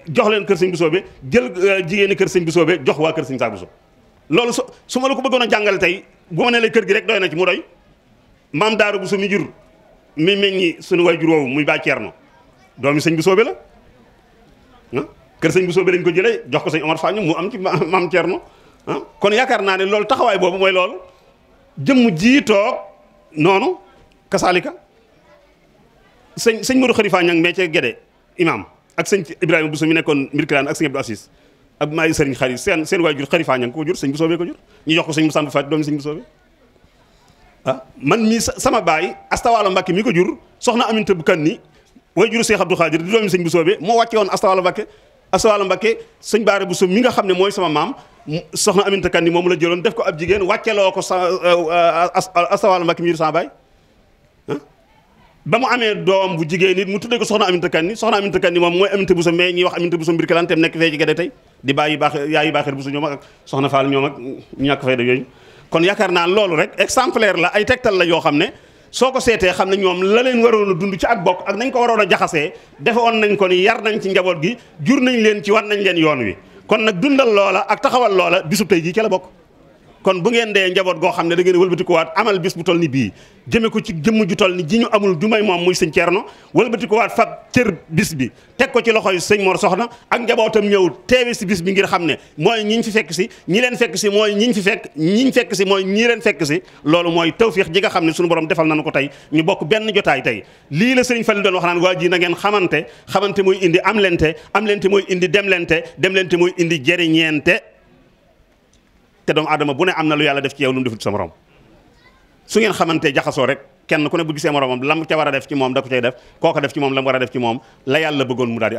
jox leen kër sëñ Bousso bi jël euh, jigéeni kër sëñ Bousso bi jox waa kër sëñ Saa Bousso loolu so su ma la ko bëggoon a jàngale tey bu ma ne la kër gi rek doy na ci mu doy maam Daaru Bousso mi jur mi meññi suñu waajur woowu muy Baay Ceerno doomi sëñ Bousso bi la ah kër sëñ Bousso bi lañ ko jëlee jox ko sëñ Omar Fañu mu am ci maam Ceerno ah kon yaakaar naa ne loolu taxawaay boobu mooy loolu jëmm jii toog noonu kasaalika sëñ sëñ Modou Khalifa Niang mais ca Gédé imam ak sëñ Ibrahima Bousso mi nekkoon Mirkilaan ak sëñ Abdou Assis ak maayi sëriñ xarit seen seen waajur Khalifa Niang ko jur sëñ Bousso bee ko jur ñu jox ko sëñ Moussa Faty doomi sëñ Bousso ah, sama baay Astawaalo Mbàkke mi ko jur soxna Aminta bu kan ni waajuru Cheikh Abdou Khadir di doomi sëñ Bousso bee moo wàcce woon Astawaalo Mbàkke Astawaalo Mbàkke sëñ bu Bousso mi nga xam ne mooy sama maam soxna Aminta kan ni moom la jëloon def ko ab jigéen wàcceloo ko sa euh, euh, Astawaalo Mbàkke mi jur sama baay ah? ba mu amee doom bu jigéen nit mu tuddee ko soxna Aminata Kanni soxna Aminata Kanni moom mooy Aminata Bousso mais ñuy wax Aminata Bousso mbir kalanteem nekk fee ci gade tey di bàyyi baax yaay yu baaxeer Bousso ñoom ak soxna Fall ñoom ak ñàkk fay da yooyu kon yaakaar naa loolu rek exemplaire la ay tegtal la yoo xam ne soo ko seetee xam ne ñoom la leen waroon a dund ci ak bokk ak nañ ko waroon a jaxasee defewoon nañ ko yar nañ ci njaboot gi jur nañ leen ci war nañ leen yoon wi kon nag dundal loola ak taxawal loola bisub tey jii ca la kon bu ngeen dee njaboot goo xam ne da ngeen wëlbatikuwaat amal bis bu toll ni bii jëme ko ci jëmm ju toll ni ji ñu amul du may moom muy sëñ Ceerno wëlbatikuwaat fab cër bis bi teg ko ci loxoy sëñ Mor Soxna ak njabootam ñëw teewe si bis bi ngir xam ne mooy ñiñ fi fekk si leen fekk si mooy ñiñ fi fekk ñiñ fekk si mooy leen fekk si loolu mooy tawfiix ji nga xam ne suñu borom defal nañu ko tey ñu bokk benn jotaay tey lii la sëriñ Fallu doon wax naan waa ji na ngeen xamante xamante mooy indi am lente am lente mooy indi demlente demlente mooy indi jëriñeente te doomu aadama bu ne am na lu yàlla def ci yow lu mu defut sa morom su ngeen xamantee jaxasoo rek kenn ku ne bu gisee moromam lam ca war a def ci moom da ko cay def koo ko def ci moom lam war a def ci moom la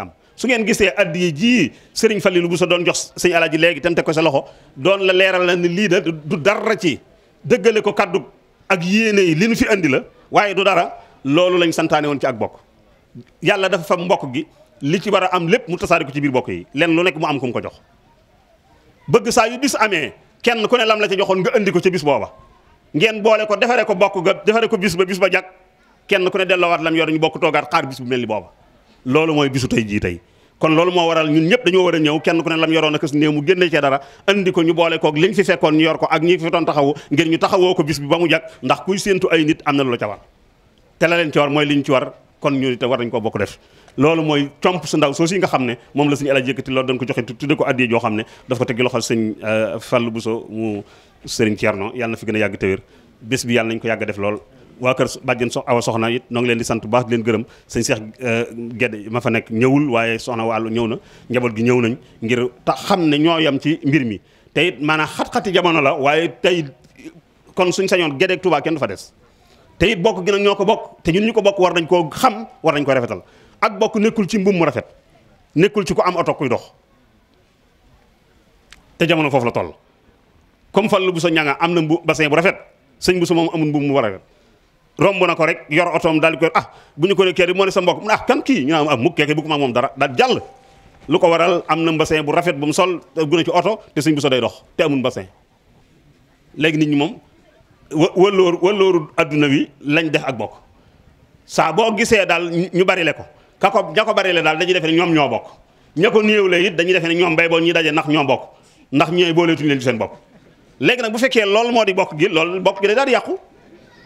am su ngeen gisee addiye jii sëriñ Falilu bu sa doon jox sëñ alaaji léegi tam teg ko sa loxo doon la leeral la ni lii da du dara ci dëggale ko kaddu ak yéene yi li nu fi indi la waaye du dara loolu lañ santaane woon ci ak bokk yàlla dafa fa mbokk gi li ci war a am lépp mu tasaari ko ci biir bokk yi lenn lu nekk mu am ku mu ko jox kenn ku ne lam la ca joxoon nga indi ko ca bis booba ngeen boole ko defaree ko bokk ga defaree ko bis ba bis ba jag kenn ku ne waat lam yor ñu bokk toogaat xaar bis bu mel ni booba loolu mooy bisu tey jii tey kon loolu moo waral ñun ñëpp dañoo war a ñëw kenn ku ne lam yoroon ak néew mu génne cee dara andi ko ñu boole koog liñ fi fekkoon ñu yor ko ak ñi fi taxawu ngir ñu taxawoo ko bis bi ba mu jag ndax kuy séentu ay nit am na lu la ca war te la leen ci war mooy liñ ci war te war nañ ko bokk def loolu mooy comp su ndaw soo yi nga xam ne moom la suñu alaj yëkkati loolu doon ko joxe tudde ko addiye joo xam ne daf ko teggi loxol sëñ euh, Fallou Bousso mu sëriñ Thierno yàlla fi gën a yàgg tëwér bés bi yàlla nañ ko yàgg def waa kër bàjjen so awa soxna it noo ngi leen di sant bu baax leen gërëm sëñ Cheikh euh, Guède ma fa nekk ñëwul waaye soxna wàllu ñëw na njaboot gi ñëw nañ ngir ta xam ne ñoo yam ci mbir mi te it maanaam xat-xati jamono la waaye tey kon suñ sañoon Guède ak kenn du fa des te it bokk gi nag ñoo ko bokk te ñun ñu ko bokk war nañ koo xam war nañ ko rafetal ak bokk nekkul ci mbuum mu rafet nekkul ci ku am oto kuy dox te jamono foofu la toll comme bu Bousso ñanga am na mbu bassin bu rafet sëñ Bousso moom amul mbuum mu rafet romb na ko rek yor otoom daal di ko ah, bu ñu ko ne kër sa mbokk mu ne ah kan kii ñu naan ah mukk moom dara daal jàll lu ko waral am na bassin bu rafet bu mu sol gu ne ci oto te sëñ Bousso day dox te amul bassin léegi nit ñi moom wëllooru wëllooru àdduna wi lañ def ak bokk saa boo gisee daal ñu barile ko ka ko ña ko bari la daal dañuy defe ne ñoom ñoo bokk ña ko néew la it defe ne ñoom bay boo ñuy daje ndax ñoo bokk ndax ñooy booleetuñu leen ci seen bopp léegi nag bu fekkee loolu moo di bokk gi loolu bokk gi day daal yàqu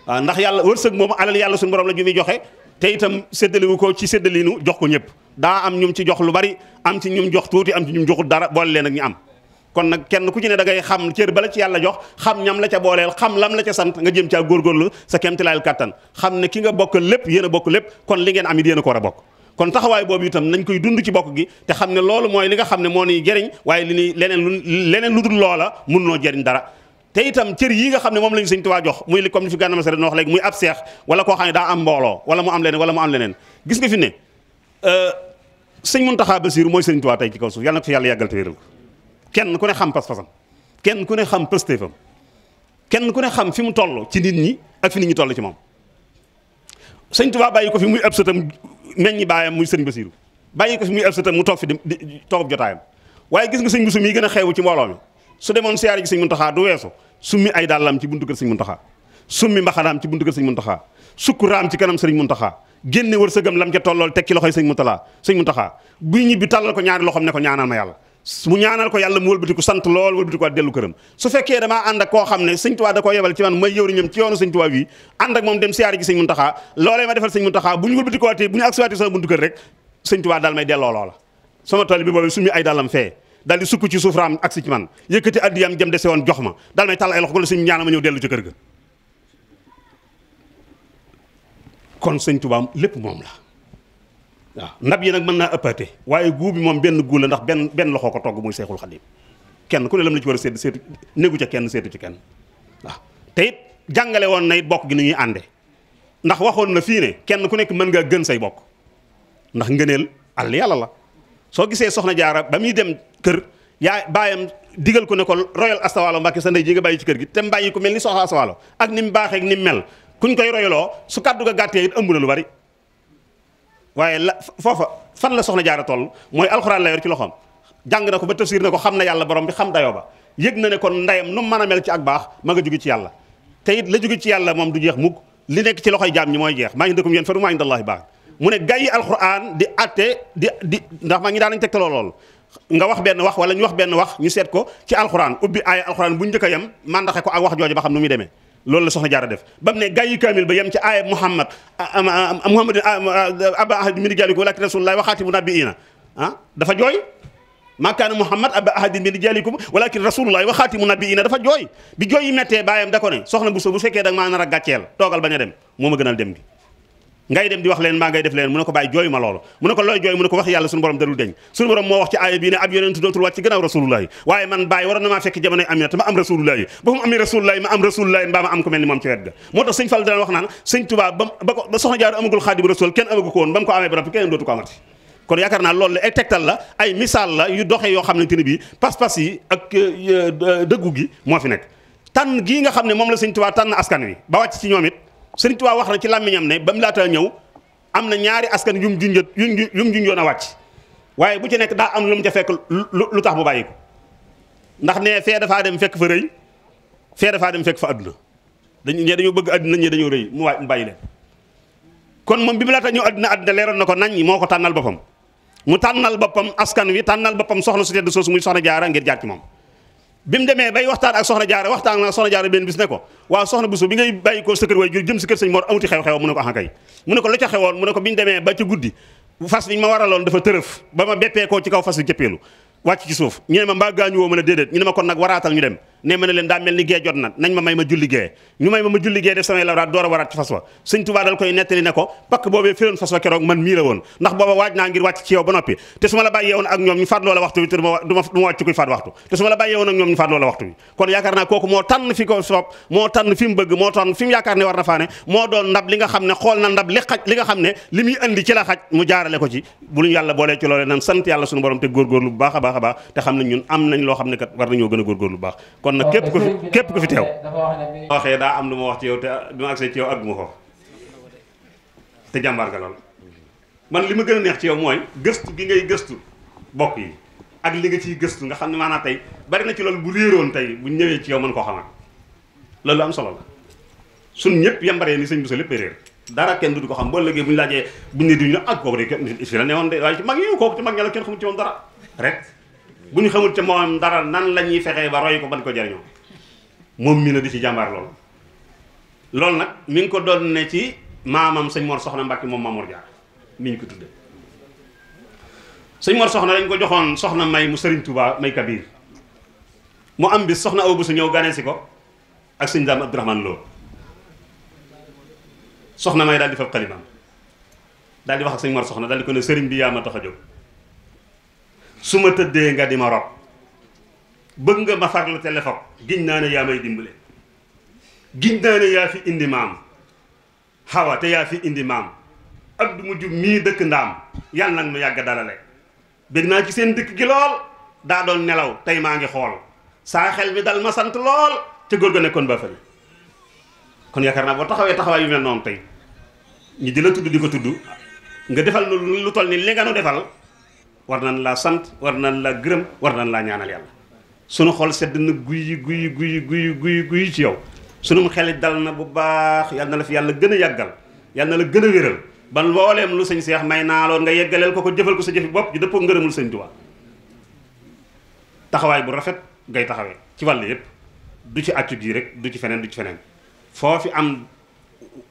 waaw ndax yàlla wërsëg moomu alal yàlla suñu borom la ju muy joxe te itam séddaliwu ko ci séddalinu jox ko ñëpp daa am ñum ci jox lu bari am ci ñum jox tuuti am ci ñum joxul dara boole leen ak ñu am kon nag kenn ku ci ne da ngay xam cër bala ci yàlla jox xam ñam la ca booleel xam lam la ca sant nga jëm caa góorgóorlu sa kéemtilaayal kàttan xam ne ki nga bokk lépp yéen a bokk lépp kon li ngeen am it yéen a ko war a bokk kon taxawaay boobu itam nañ koy dund ci bokk gi te xam ne loolu mooy li nga xam ne moo nuy jëriñ waaye li ñuy leneen lu leneen lu dul loola mun noo jëriñ dara te itam cër yi nga xam ne moom lañu sëñ Tuubaa jox muy li comme ni fi gànnaaw sa wax léegi muy ab seex wala xam ne daa am mbooloo wala mu am leneen wala mu gis nga fi ne euh, sëñ Muntaxa Basiiru mooy sëñ Tuubaa tey ci kaw suuf yàlla na ko fi yàlla yàggal ko xam pas-pasam kenn ku ne xam pëstéefam kenn ku xam fi mu toll ci nit ñi ak fi nit toll ci moom meññi baayam muy sëriñ Basiiru bàyyi ko fi muy ab sëtam mu toog fi di toog jotaayam waaye gis nga sëñ Basiiru mi gën a xeewu ci mbooloo mi su demoon siyaare ji sëñ Muntaxaa du weesu summi ay dàllam ci buntu kër sëñ Muntaxaa summi mbaxanaam ci buntu kër sëñ Muntaxaa sukk raam ci kanam sëriñ Muntaxaa génne wërsëgam lam ca tollool teg ci loxoy sëñ Muntaxaa sëñ Muntaxaa buy ñibbi tàllal ko ñaari loxoom ne ko ñaanal ma yàlla mu ñaanal ko yàlla mu wëlbatiku sant lool wëlbatiku waat dellu këram su fekkee damaa ànd ak koo xam ne sëñ Tuubaa da ko yebal ci man may yëwri ñoom ci yoonu sëñ Tuubaa bii ànd ak moom dem siyaare gi sëñ Muntaxaa loolee ma defal sëñ Muntaxaa bu bu ñu agsiwaatee sama buntu kër rek sëñ Tuubaa daal may delloo loola sama tool bi boobu sumi ay dàllam fee daal di sukk ci suuf raam agsi ci man yëkkati addiyam jëm dese woon jox ma daal may tàll ay loxo ko kon sëñ Tuubaa lépp moom la waaw ndab yi nag mën naa ëppaate waaye guu bi moom benn guu la ndax benn benn loxoo ko togg muy seexul xadim kenn ku ne lam la ci war a seetu seetu néegu ca kenn seetu ci kenn waaw te it jàngale woon na it bokk gi ni ñuy ànde ndax waxoon na fii ne kenn ku nekk mën ngaa gën say bokk ndax ngëneel àll yàlla la soo gisee soxna jaara ba muy dem kër yaa baayam digal ko ne ko royal astawaalo mbàkke sa ndey ji nga bàyyi ci kër gi te mbàyyi ku mel ni soxna astawaalo ak ni mu baaxee ak ni mu mel kuñ koy royaloo su kàddu ga gàttee ëmb na lu bari waaye la foofa fan la soxna jaara toll mooy alxuraan la yor ci loxoom jàng na ko ba tafsir na ko xam na yàlla borom bi xam dayoo ba yëg na ne ko ndeyam nu mu mën a mel ci ak baax ma nga jóge ci yàlla te it la jóge ci yàlla moom du jeex mukk li nekk ci loxoy jaam ñi mooy jeex maa ngi dëkkum yéen fa du maa ngi dallaahi baax mu ne gay alxuraan di atte di di ndax maa ngi daan nañ tegtaloo lool nga wax benn wax wala ñu wax benn wax ñu seet ko ci alxuraan ubbi aaya alxuraan bu njëkk a yem mandaxe ko ak wax jooju ba xam nu muy demee loolu la soxna a def ba mu ne gàyyi kaamil ba yem ci aaya muhammad muhammad aba ahadin min rijaalikum walakin rasulullah wa xaatimun nabiyyiina ah dafa jooy maa kaana muhammad aba ahadin min rijaalikum walakin rasulullah wa xaatimun nabiyyiina dafa jooy bi jooy yi mettee baayam da ko ne soxna bu so bu fekkee da nga maa nar a gàcceel toogal bañ a dem moo ma gënal dem gi ngay dem di wax leen maa ngay def leen mu ne ko bàyyi jooyu ma loolu mu ne ko looy jooy mu ne ko wax yàlla suñu borom darul deñ suñu borom moo wax ci aaya bii ne ab yonentu dootul wàcc ci gannaaw rasulullahi waaye man bàyyi waroon na maa fekk jamonoy am rasulullahi ba ma am rasulullahi mbaa ma am ko mel ni moom ci ga moo kenn amagu ko woon ba mu ko amee ba kenn dootu ko amati kon yaakaar naa loolu la ay tegtal la ay misaal la yu doxee yoo xamante euh, euh, moom la sëñ Tuubaa tànn askan wi ba Sëriñ waa wax na ci làmmiñam ne ba mu laataa ñëw am na ñaari askan yu mu junjoon yu mu junjoon a wàcc waaye bu ci nekk daa am lu mu ca fekk lu tax mu bàyyi ko ndax ne fee dafaa dem fekk fa rëy fee dafaa dem fekk fa àdduna dañu ñee dañoo bëgg àdduna ñee dañoo rëy mu waaj mu bàyyi leen kon moom bi mu laata ñëw àdduna àdduna leeroon na ko nañ moo ko tànnal boppam mu tànnal boppam askan wi tànnal boppam soxna su tedd soosu muy soxna jaara ngir jaar moom bi mu demee bay waxtaan ak soxna jaara waxtaan ak soxna jaara benn bis ne ko waaw soxna busu bi ngay bàyyi ko sa kër jur jëm si kër sëñ Mor amuti xew-xew mu ne ko axa kay mu ne ko la xewoon mu ne ko bi ñu demee ba ci guddi fas bi ma waraloon dafa tërëf ba ma beppee koo ci kaw fas bi jëppeelu wàcc ci suuf ñu ne ma mbaa gaañu woo ma ne déedéet ñu ma kon nag waraatal ñu dem ne leen daa mel ni gee jot na nañ ma may ma julli gee ñu may ma def samay lawraat door a waraat ci fas wa sëñ dal koy nettali ne ko pakk boobee la woon ndax booba su ma la bàyyee woon fi ko soob moo tànn fi mu bëgg moo tànn fi mu yaakaar ne war na faane moo doon ndab li nga xam ne xool na ndab li xaj li nga xam ne li muy indi ci la xaj mu jaarale ko ci bu ñu yàlla boolee ci loolee nan sant yàlla suñu borom te góorgóorlu bu baax a baax a baax te xam ne ñun am nañ loo xam ne kat war a góorgóorlu na képp ko fi képp ku fi teew waxee daa am lu ma wax ci yow te bi ma ci yow àgguma ko te jàmbaar nga lool man li ma gën a neex ci yow mooy gëstu gi ngay gëstu bokk yi ak li nga ciy gëstu nga xam ne maanaam tey bari na ci loolu bu réeroon tey bu ñëwee ci yow man koo xamal loolu am solo la sun ñëpp yambaree ni sëñ bi sa réer dara kenn du ko xam boo léegi bu ñu laajee buñ ne diñu ne ak kooku de fi la newoon de waaye ci mag yi kooku ci mag ña la kenn xamul ci moom dara rek bu ñu xamul ci moom dara nan la ñuy fexee ba roy ko ban ko jariñoo moom mi na di ci jàmbaar loolu loolu nag mi ngi ko doon ne ci maamam sëñ Mor Soxna Mbàkke moom Mamour Jaar mi ñu ko tudde Soxna dañ ko joxoon soxna may mu sëriñ Touba may Kabir mu am bis soxna aw bu su ñëw ganee si ko ak sëñ Daam Abdourahmane Lo soxna may daal di fab xalimaam daal di wax ak sëñ Mor Soxna daal di ko ne sëriñ bi yaa ma tax a jóg su ma tëddee nga di ma rob bëgg nga ma farlu téléphone giñ naa ne yaa may dimbale giñ naa ne yaa fi indi maam xawa te yaa fi indi maam ak Abdou mujj mii dëkk ndaam yàlla nag nu yàgg dalale bëgg naa ci seen dëkk gi lool daa doon nelaw tey maa ngi xool saa xel mi dal ma sant lool ca góor ga nekkoon ba fari kon yaakaar naa boo taxawee taxawaay yu mel noonu tey ñu di la tudd di ko tudd nga defal lu toll ni li nga nu defal war nañ laa sant war nañ laa gërëm war nañ laa ñaanal yàlla sunu xool sedd na guy guy guy guy guy guy ci yow sunu xel dal na bu baax yàlla na la fi yàlla gën a yàggal yàlla na la gën a wéral ban mbooleem lu sëñ seex may naa loon nga yeggaleel ko ko jëfal ko sa jëfi bopp ju dëppoo ngërëmul sëñ Tuubaa taxawaay bu rafet ngay taxawee ci wàll yépp du ci accu gii rek du ci feneen du ci feneen foo fi am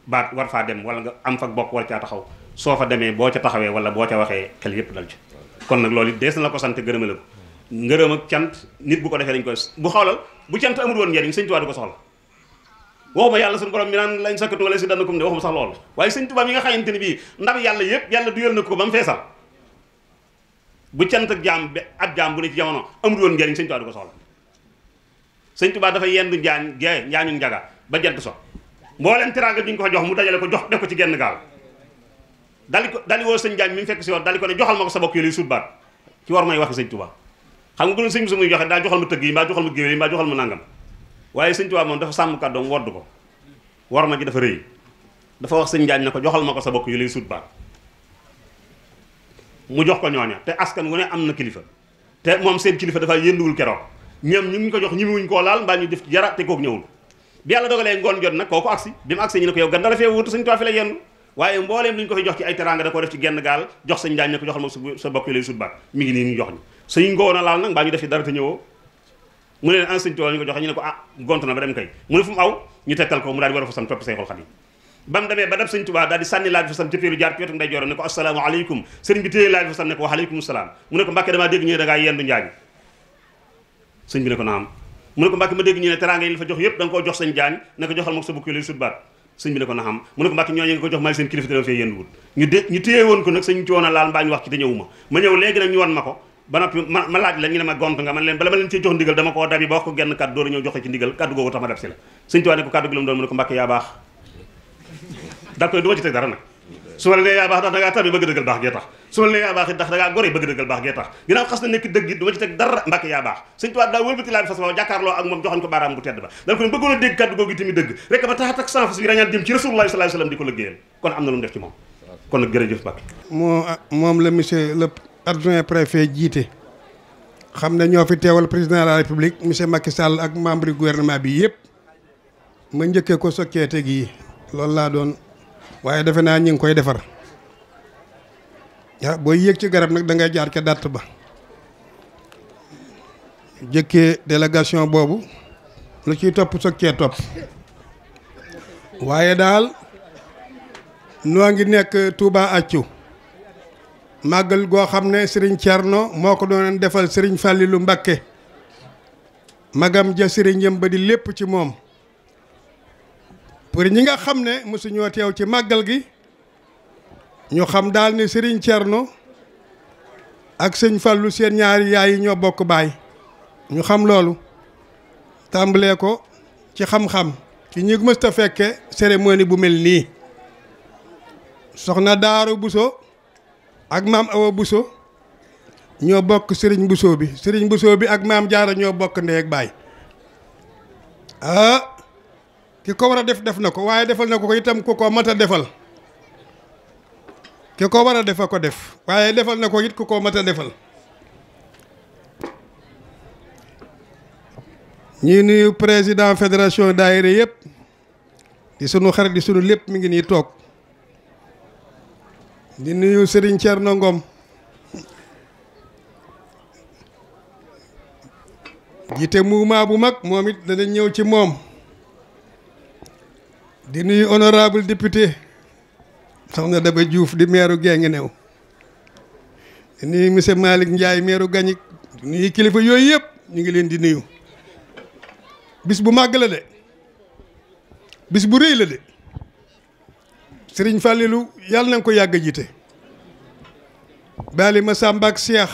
baat war faa dem wala nga am fa bokk war caa taxaw soo fa demee boo ca taxawee wala boo ca waxee xel yépp dal ci kon nag loolu des na la ko sant gërëmale ko ngërëm ak cant nit bu ko defee dañ koy bu xoolal bu cant amul woon njariñ sëñ Tuubaa di ko soxla waxuma yàlla suñu borom mi naan lañ sakkatu wala si dana kum ne waxuma sax loolu waaye sëñ Tuubaa mi nga xamante ni bii yàlla yëpp yàlla duyal na ko ba mu feesal bu cant ak be ab jaam bu ne ci jamono amul sëñ Tuubaa di ko soxla sëñ Tuubaa dafa yendu njaañ ge njaañu njaga ba jant so mbooleem teraanga bi ñu ko jox mu dajale ko jox def ko ci genn gaal dali ko dali woo sëñ Jaañ mi mu fekk si woon dali ko ne joxal ma ko sa bokk yooyu suut baat ci war may waxi sëñ Tuubaa xam nga bu doon sëñ bi daa joxal ma tëgg yi mbaa joxal ma géwél yi mbaa joxal ma nangam waaye sëñ Tuubaa moom dafa sàmm ko war ma ji dafa rëy dafa wax sëñ Jaañ ne ko joxal ma ko sa bokk yooyu suut mu jox ko ñooña te askan wu ne am na kilifa te moom seen kilifa dafa yënduwul keroog ñoom ñu ngi ko jox ñimiwuñ koo laal mbaa ñu def jara te kook ñëwul bi yàlla dogalee ngoon jot nag kooku agsi bi mu agsi ñu ne ko yow gan dala fee wutu sëñ Tuubaa fi la yendu waaye mbooleem li ñu ko fi jox ci ay teranga da ko def ci genn gaal jox sañ njaañ ne ko joxal ma a laal nag mbaa ñu te ñëwoo mu ne leen en ko ah, a fa laa bi fa sam te féeru jaar ci wetu nday joro ne ko asalaamaaleykum ñu ne da ngaa yendu yi fa jox yëpp da nga koo jox sañ jaañ ne ko joxal ma sa bukki lay sut baat sëñ bi ne ko na xam mu ne ko mbàkki ñooñu nga ko jox maay seen kilifa dama fee yenduwul ñu de ñu téye woon ko nag sañ ci a laal mbaa ñu wax ci te ñëwuma ma ñëw léegi nag ñu won ma ko ba noppi ma ma laaj la ñu ne gont nga man leen bala ma leen cee jox ndigal dama koo dabi ba wax ko genn kàddu door ñëw joxe ci ndigal kàddu googu tax ma dab si la sëñ Tuubaa ne ko kàddu gi la mu doon mu ne ko mbàkki yaa baax [LAUGHS] dal koy du ma ci teg dara nag su ma la nee yaa baax ndax da ngaa tabe bëgg dëggal baax gee tax su ma yaa baax it ndax da ngaa gore bëgg dëggal baax gee tax ginnaaw xas na nekk dëgg du ma ci teg dara mbàkke yaa baax sëñ tubaab daa wëlbati laa ak moom joxañ ko baaraam bu tedd ba dal ko ne dégg kàddu googu tamit dëgg rek ba taxat ak sans fas yi rañaan jëm ci rasulullah sallallahu alayhi di ko liggéeyal kon am na lu mu def ci moom kon nag jërëjëf mbàkke moo moom la monsieur jiite xam ne ñoo fi teewal président de la république monsieur Macky Sall ak membre du gouvernement bi yëpp ma njëkkee ko société gi loolu laa doon waaye defe naa ñi ngi koy defar ah booy yéeg ci garab nag dangay jaar ca dàtt ba jëkkee délégation boobu lu ciy topp soog cee topp waaye daal noo ngi nekk Touba Accu màggal goo xam ne Serigne Thierno moo ko doon defal Serigne Fallilou Mbacké magam ja Serigne yëm ba di lépp ci moom pour ñi nga xam ne mosuñoo teew ci màggal gi ñu xam daal ni sëriñ Thierno ak sëñ Fallou seen ñaari yaay yi ñoo bokk baay ñu xam loolu tàmbalee ko ci xam-xam ci ñi mës fekke cérémonie bu mel nii soxna Daaro buso ak maam Awa Bousso ñoo bokk sëriñ buso bi Serigne Bousso bi ak maam Jaara ñoo bokk ndey ak baay ah, ki ko war a def def na ko waaye defal na ko ko itam ku ko mat a defal ki ko war a def a ko def waaye defal na ko it ku ko mat a defal ñuy nuyu président fédération daayira yëpp di sunu xarit di sunu lépp mi ngi nii toog di nuyu Serigne Thierno Ngom jiite mouvement bu mag moom it dana ñëw ci moom di nuyu honorable député soxna Daba Diouf di meeru Guinguinéo new nuyu monsieur Malick Ndiaye meeru Gagnick nuyu kilifa yooyu yëpp ñu ngi leen di nuyu bis bu màgg la de bis bu rëy la de Serigne Fallilou yàlla na nga ko yàgg jiite baali ma Samba ak Cheikh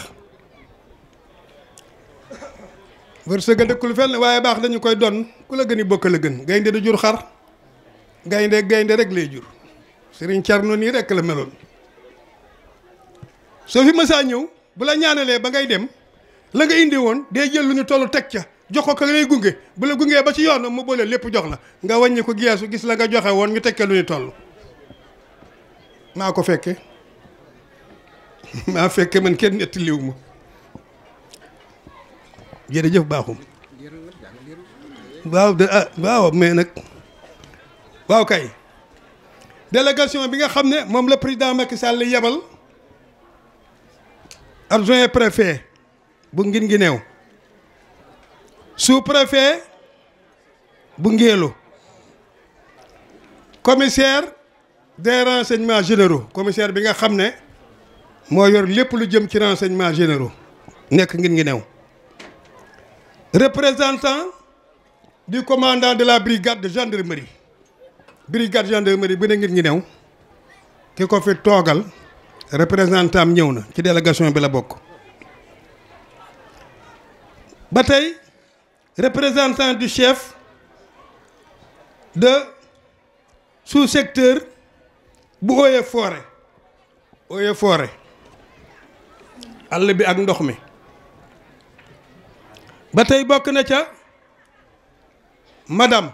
waaye baax dañu koy doon ku la gën i bokk la gën gaynde du jur xar gaynde gaynde rek lay jur sëriñ Thierno nii rek la meloon soo fi mësaa ñëw bu la ñaanalee ba ngay dem la nga indi woon day jël lu ñu tollu teg ca jox ko ka lay gunge bu la gungee ba ci yoon mu boole lépp jox la nga wàññi ko geesu gis la nga joxe woon ñu teg ca lu ñu toll maa ko fekke [LAUGHS] maa fekke man kenn nettaliwu ma jërëjëf baaxum waaw de ah waaw mais nag waaw kay délégation bi nga xam ne moom la président Macky Sall yebal adjoint préfet bu ngin ngi neew sous préfet bu ngéelu commissaire des renseignements généraux commissaire bi nga xam ne moo yor lépp lu jëm ci renseignements généraux nekk ngin ngi neew représentant du commandant de la brigade de gendarmerie brigade gendarmerie bu ne ngir ngi new ki ko fi toogal représentant ñëw na ci délégation bi la bokk ba tey représentant du chef de sous-secteur bu Eaux foore Forêts Eaux àll bi ak ndox mi ba tey bokk na ca madame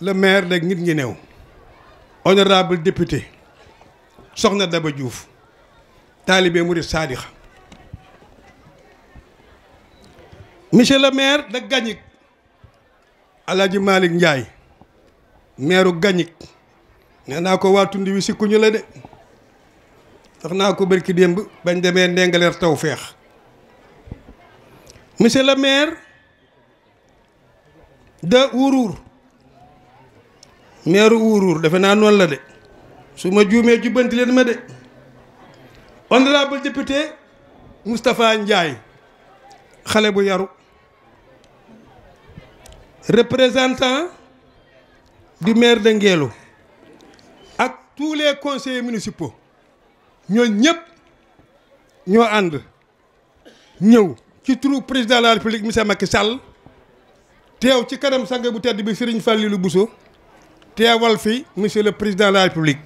le maire de Guinguinéo honorable député Soxna Daba Diouf taalibe murid saadiq monsieur le maire de Gagnic Alaaji Malick Ndiaye maire Gagnic nee ko waa tund wi sikkuñu la de tax naa ko bërki démb bañ demee ndengaleer taw feex monsieur le maire de Wourour meeru uuruur defe naa noonu la de su ma juumee jubbanti leen ma de honorable député Moustapha Ndiaye xale bu yaru représentant du maire de Nguélo ak tous les conseillers municipaux ñoo ñëpp ñoo ànd ñëw ci turu président la république monsieur Macky Sall teew ci kanam sange bu tedd bi Serigne Fallilou buso teewal fi monsieur le président de la république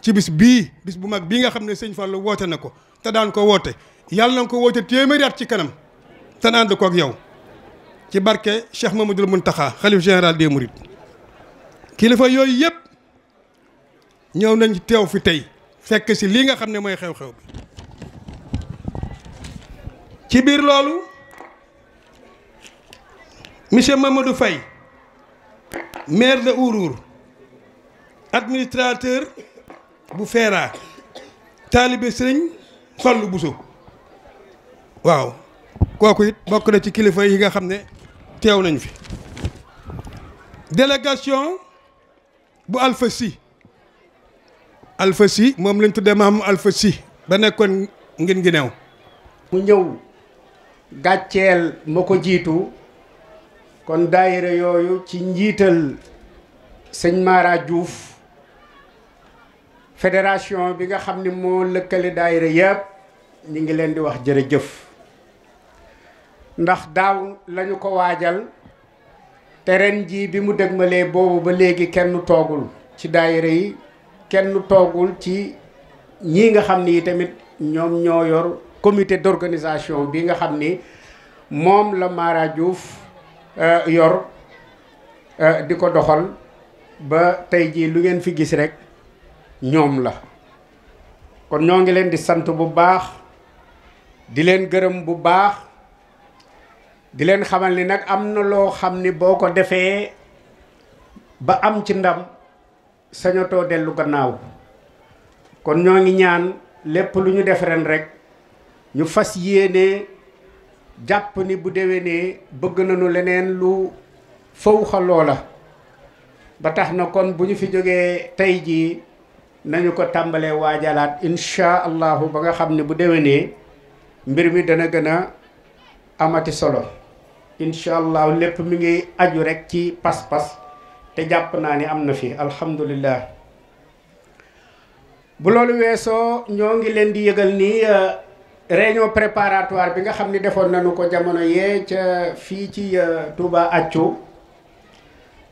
ci bis bii bis bu mag bii nga xam ne sëñ Fallou woote na ko te daan ko woote yàlla na ko woote téeméeri at ci kanam te ànd ko ak yow ci barke Cheikh Mamadou Mountakha xalif général des Mourides kilifa yooyu yëpp ñëw nañ teew fi tey fekk si lii nga xam ne mooy xew-xew bi ci biir loolu monsieur Mamadou Faye maire de Ourour administrateur bu Feera taalibe sëriñ Fallu Buso waaw kooku it bokk na ci kilifa yi nga xam ne teew nañ fi délégation bu alfasi Sy Alpha Sy moom lañ tuddee maam alfasi Sy ba nekkoon ngin gi neew mu ñëw gàcceel ma ko jiitu kon daayira yooyu ci njiital sëñ Mara Diouf fédération bi nga xam ni moo lëkkale daayira yëpp ñu ngi leen di wax jër jëf ndax daaw lañu ko waajal te ren jii bi mu dëgmalee boobu ba léegi kenn toogul ci daayira yi kenn toogul ci ñii nga xam ni tamit ñoom ñoo yor comité d'organisation bi nga xam ni moom la Mara Diouf Eh, yor eh, di ko doxal ba tey jii lu ngeen fi gis rek ñoom la kon ñoo ngi leen di sant bu baax di leen gërëm bu baax di leen xamal ni nag am na loo xam ni boo ko defee ba am ci ndam sañatoo dellu gannaaw kon ñoo ngi ñaan lépp lu ñu def ren rek ñu fas yéene jàpp ni bu déwénee bëgg nañu leneen lu fawxa loola ba tax na kon bu ñu fi jógee tey jii nañu ko tàmbalee waajalaat insha allahu ba nga xam ne bu déwénee mbir mi dana gën a amati solo incha allahu lépp mu ngi aju rekk ci pas-pas te jàpp naa ni am na fi alhamdulillah bu loolu weesoo ñoo ngi leen di yëgal nii euh, réunion préparatoire bi nga xam ni defoon nañu ko jamono yee ca fii ci euh, Touba Accu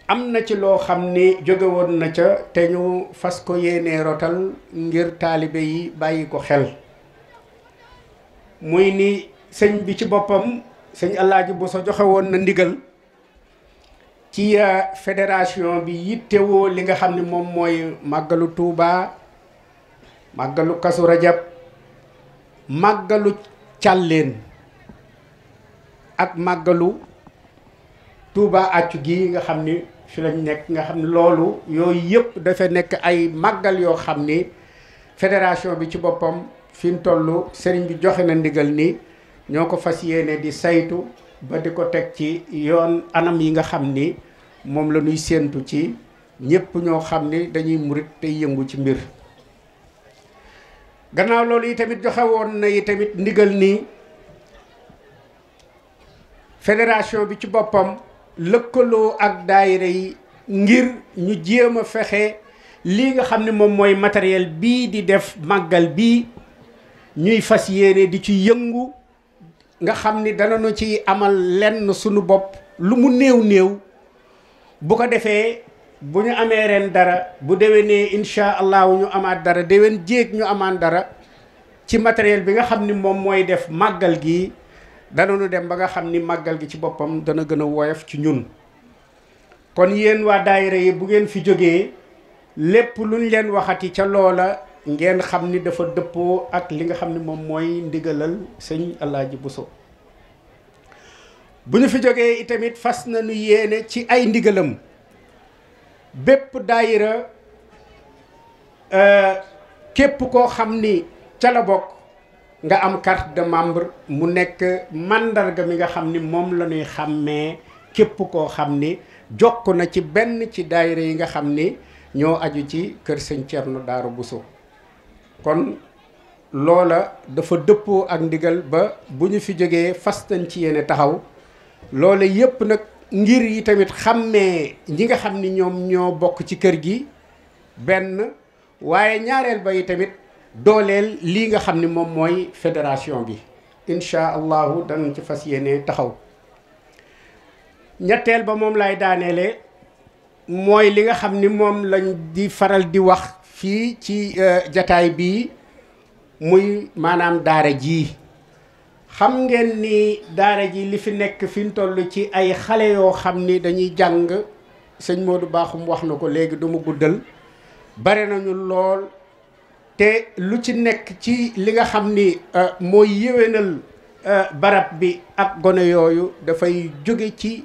am na ci loo xam ni jóge woon na ca te ñu fas ko yéenee rotal ngir taalibe yi bàyyi ko xel muy ni sëñ bi ci boppam sëñ Alaaji sa joxe woon na ndigal ci euh, fédération bi yittewoo li nga xam ni moom mooy màggalu Touba màggalu Kazu Rajab màggalu càlleen ak màggalu Touba accu gi nga xam ni fi lañ nekk nga xam ne loolu yooyu yëpp dafa nekk ay màggal yoo xam ni fédération bi ci boppam fi mu sëriñ bi joxe na ndigal ni ñoo ko fas yéene di saytu ba di ko teg ci yoon anam yi nga xam ni moom la ñuy séentu ci ñëpp ñoo xam ni dañuy murit tey yëngu ci mbir gannaaw loolu yi tamit joxewoon woon na yi tamit ndigal nii fédération bi ci boppam lëkkaloo ak daayira yi ngir ñu jéem a fexe lii nga xam ni moom mooy matériel bii di def màggal bii ñuy fas yéene di ci yëngu nga xam ni danañu ci amal lenn sunu bopp lu mu néew néew bu ko defee bu ñu amee ren dara bu déwénee incha allahu ñu amaat dara déwén jéeg ñu amaan dara ci matériel bi nga xam ni moom mooy def màggal gi danañu dem ba nga xam ni màggal gi ci boppam dana gën a woyof ci ñun kon yéen waa daayira yi bu ngeen fi jógee lépp lu ñu leen yi ca loola ngeen xam ni dafa dëppoo ak li nga xam ni moom mooy ndigalal sëñ Alaaji Buso bu ñu fi jógee itamit fas nañu yéene ci ay ndigalam bépp daayira euh, képp koo xam ni ca la bokk nga am carte de membre mu nekk màndarga mi nga xam ni moom lañuy ñuy xàmmee képp koo xam ni jokk na ci benn ci daayira yi nga xam ni ñoo aju ci kër sëñ Thierno bu Bousso kon loola dafa dëppoo ak ndigal ba bu ñu fi jógee fastañ ci yéene taxaw loola yépp nag ngir yi tamit xàmmee ñi nga xam ni ñoom ñoo bokk ci kër gi benn waaye ñaareel ba yi tamit dooleel lii nga xam ni moom mooy fédération bi incha allahu danañ ci fas yéene taxaw ñetteel ba moom lay daaneele mooy li nga xam ni moom lañ di faral di wax fii ci euh, jataay bii muy maanaam daara jii xam ngeen ni daara ji li fi nekk fi mu toll ci ay xale yoo xam ni dañuy jàng sëñ du baaxum wax na ko léegi du ma guddal bare nañu lool te lu ci nekk ci li nga xam ni euh, mooy yéwénal euh, barab bi ak gone yooyu dafay jóge ci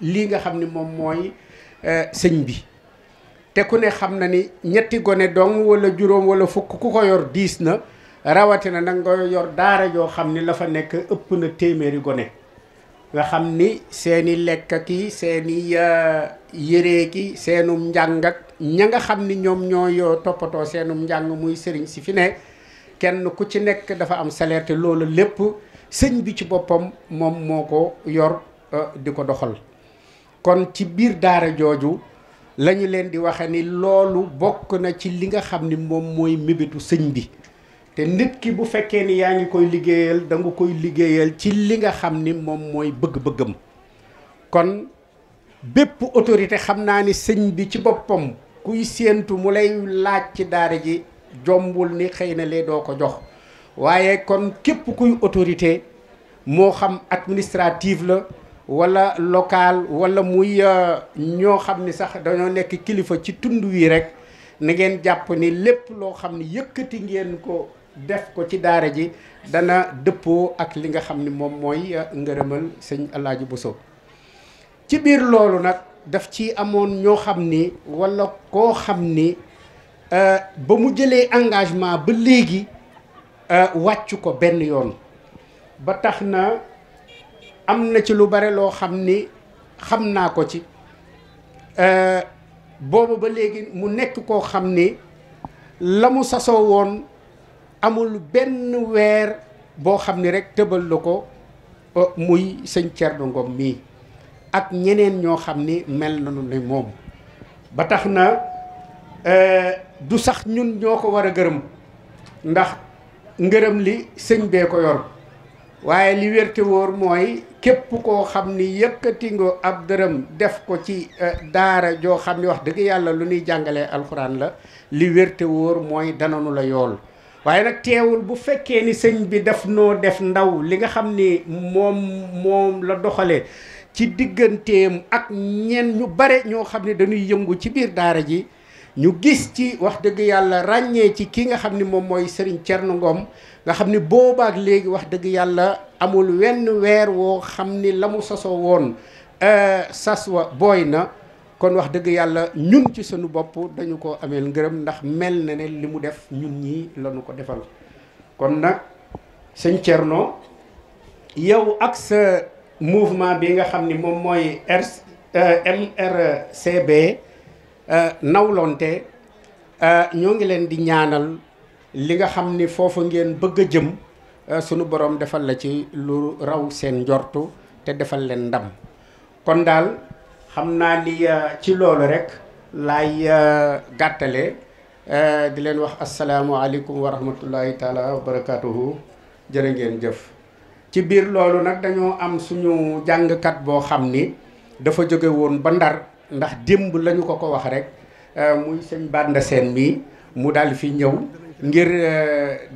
lii nga xam ni moom mooy euh, sëñ bi te ku ne xam na ni ñetti gone dong wala juróom wala fukk ku ko yor diis na rawatina nag nga yor daara joo xam ni la fa nekk ëpp na téeméeri gone nga xam ni seeni lekk ki seeni yére ki seenu njàng ak ña nga xam ni ñoom ñoo yoo toppatoo seenu njàng muy sëriñ si fi ne kenn ku ci nekk dafa am salaire te loolu lépp sëñ bi ci boppam moom moo ko yor euh, di ko doxal kon ci biir daara jooju lañu leen di waxe ni loolu bokk na ci li nga xam ni moom mooy mébétu sëñ bi te nit ki bu fekkee ni yaa ngi koy liggéeyal da koy liggéeyal ci li nga xam ni moom mooy bëgg-bëggam kon bépp autorité xam naa ni sëñ bi ci boppam kuy séentu mu lay laaj ci daara ji jombul ni xëy na lee doo ko jox waaye kon képp kuy autorité moo xam administrative la walla local wala muy euh, ñoo xam ni sax dañoo nekk kilifa ci tund wi rek na ngeen jàpp ni lépp loo xam ni yëkkati ngeen ko def ko ci daara ji dana dëppoo ak li nga xam ni moom mooy euh, ngërëmal sëñ Alaaji Bousso ci biir loolu nag daf ci amoon ñoo xam ni walla koo xam ni euh, ba mu jëlee engagement ba léegi euh, wàccu ko benn yoon ba tax na am na ci lu bare loo xam ni xam naa ko ci boobu ba léegi mu nekk koo xam ni la mu sasoo woon amul benn weer boo xam ni rek tëbal la ko euh, muy sëñ Thierno Ngom mii ak ñeneen ñoo xam ni mel nañu ne moom ba tax na euh, du sax ñun ñoo ko war a gërëm ndax ngërëm li sëñ bee ko yor waaye li wérte woor mooy képp koo xam ni yëkkati nga ab dërëm def ko ci euh, daara joo xam ni wax dëgg yàlla lu ñuy jàngale alxuraan la li wérte wóor mooy dananu la yool waaye nag teewul bu fekkee ni sëñ bi def noo def ndaw li nga xam ni moom moom la doxalee ci digganteem ak ñenn ñu bare ñoo xam ne dañuy yëngu ci biir daara ji ñu gis ci wax dëgg yàlla ràññee ci ki nga xam ni moom mooy Serigne Thierno Ngom nga xam ni boobaak léegi wax dëgg yàlla amul wenn weer woo xam ni la mu sasoo woon euh, sas wa booy na kon wax dëgg yàlla ñun ci suñu bopp dañu ko ameel ngërëm ndax mel na ne li mu def ñun ñii lañu ko defal kon nag sëñ Thierno yow ak sa mouvement bi nga xam ni moom mooy R euh, MRCB euh, nawlonte euh, ñoo ngi leen di ñaanal li nga xam ni foofa ngeen bëgg a jëm sunu borom defal la ci lu raw seen njortu te defal leen ndam kon daal. am naa ni euh, ci loolu rek laay euh, gàttale euh, di leen wax asalaamualeykum wa rahmatullahi taala wa barakatuhu jërë ngeen jëf ci biir loolu nag dañoo am suñu jàngkat boo xam ni dafa jóge woon ba ndar ndax démb lañu ko ko wax rek muy sëñ Banda Seen mii mu daal fi ñëw ngir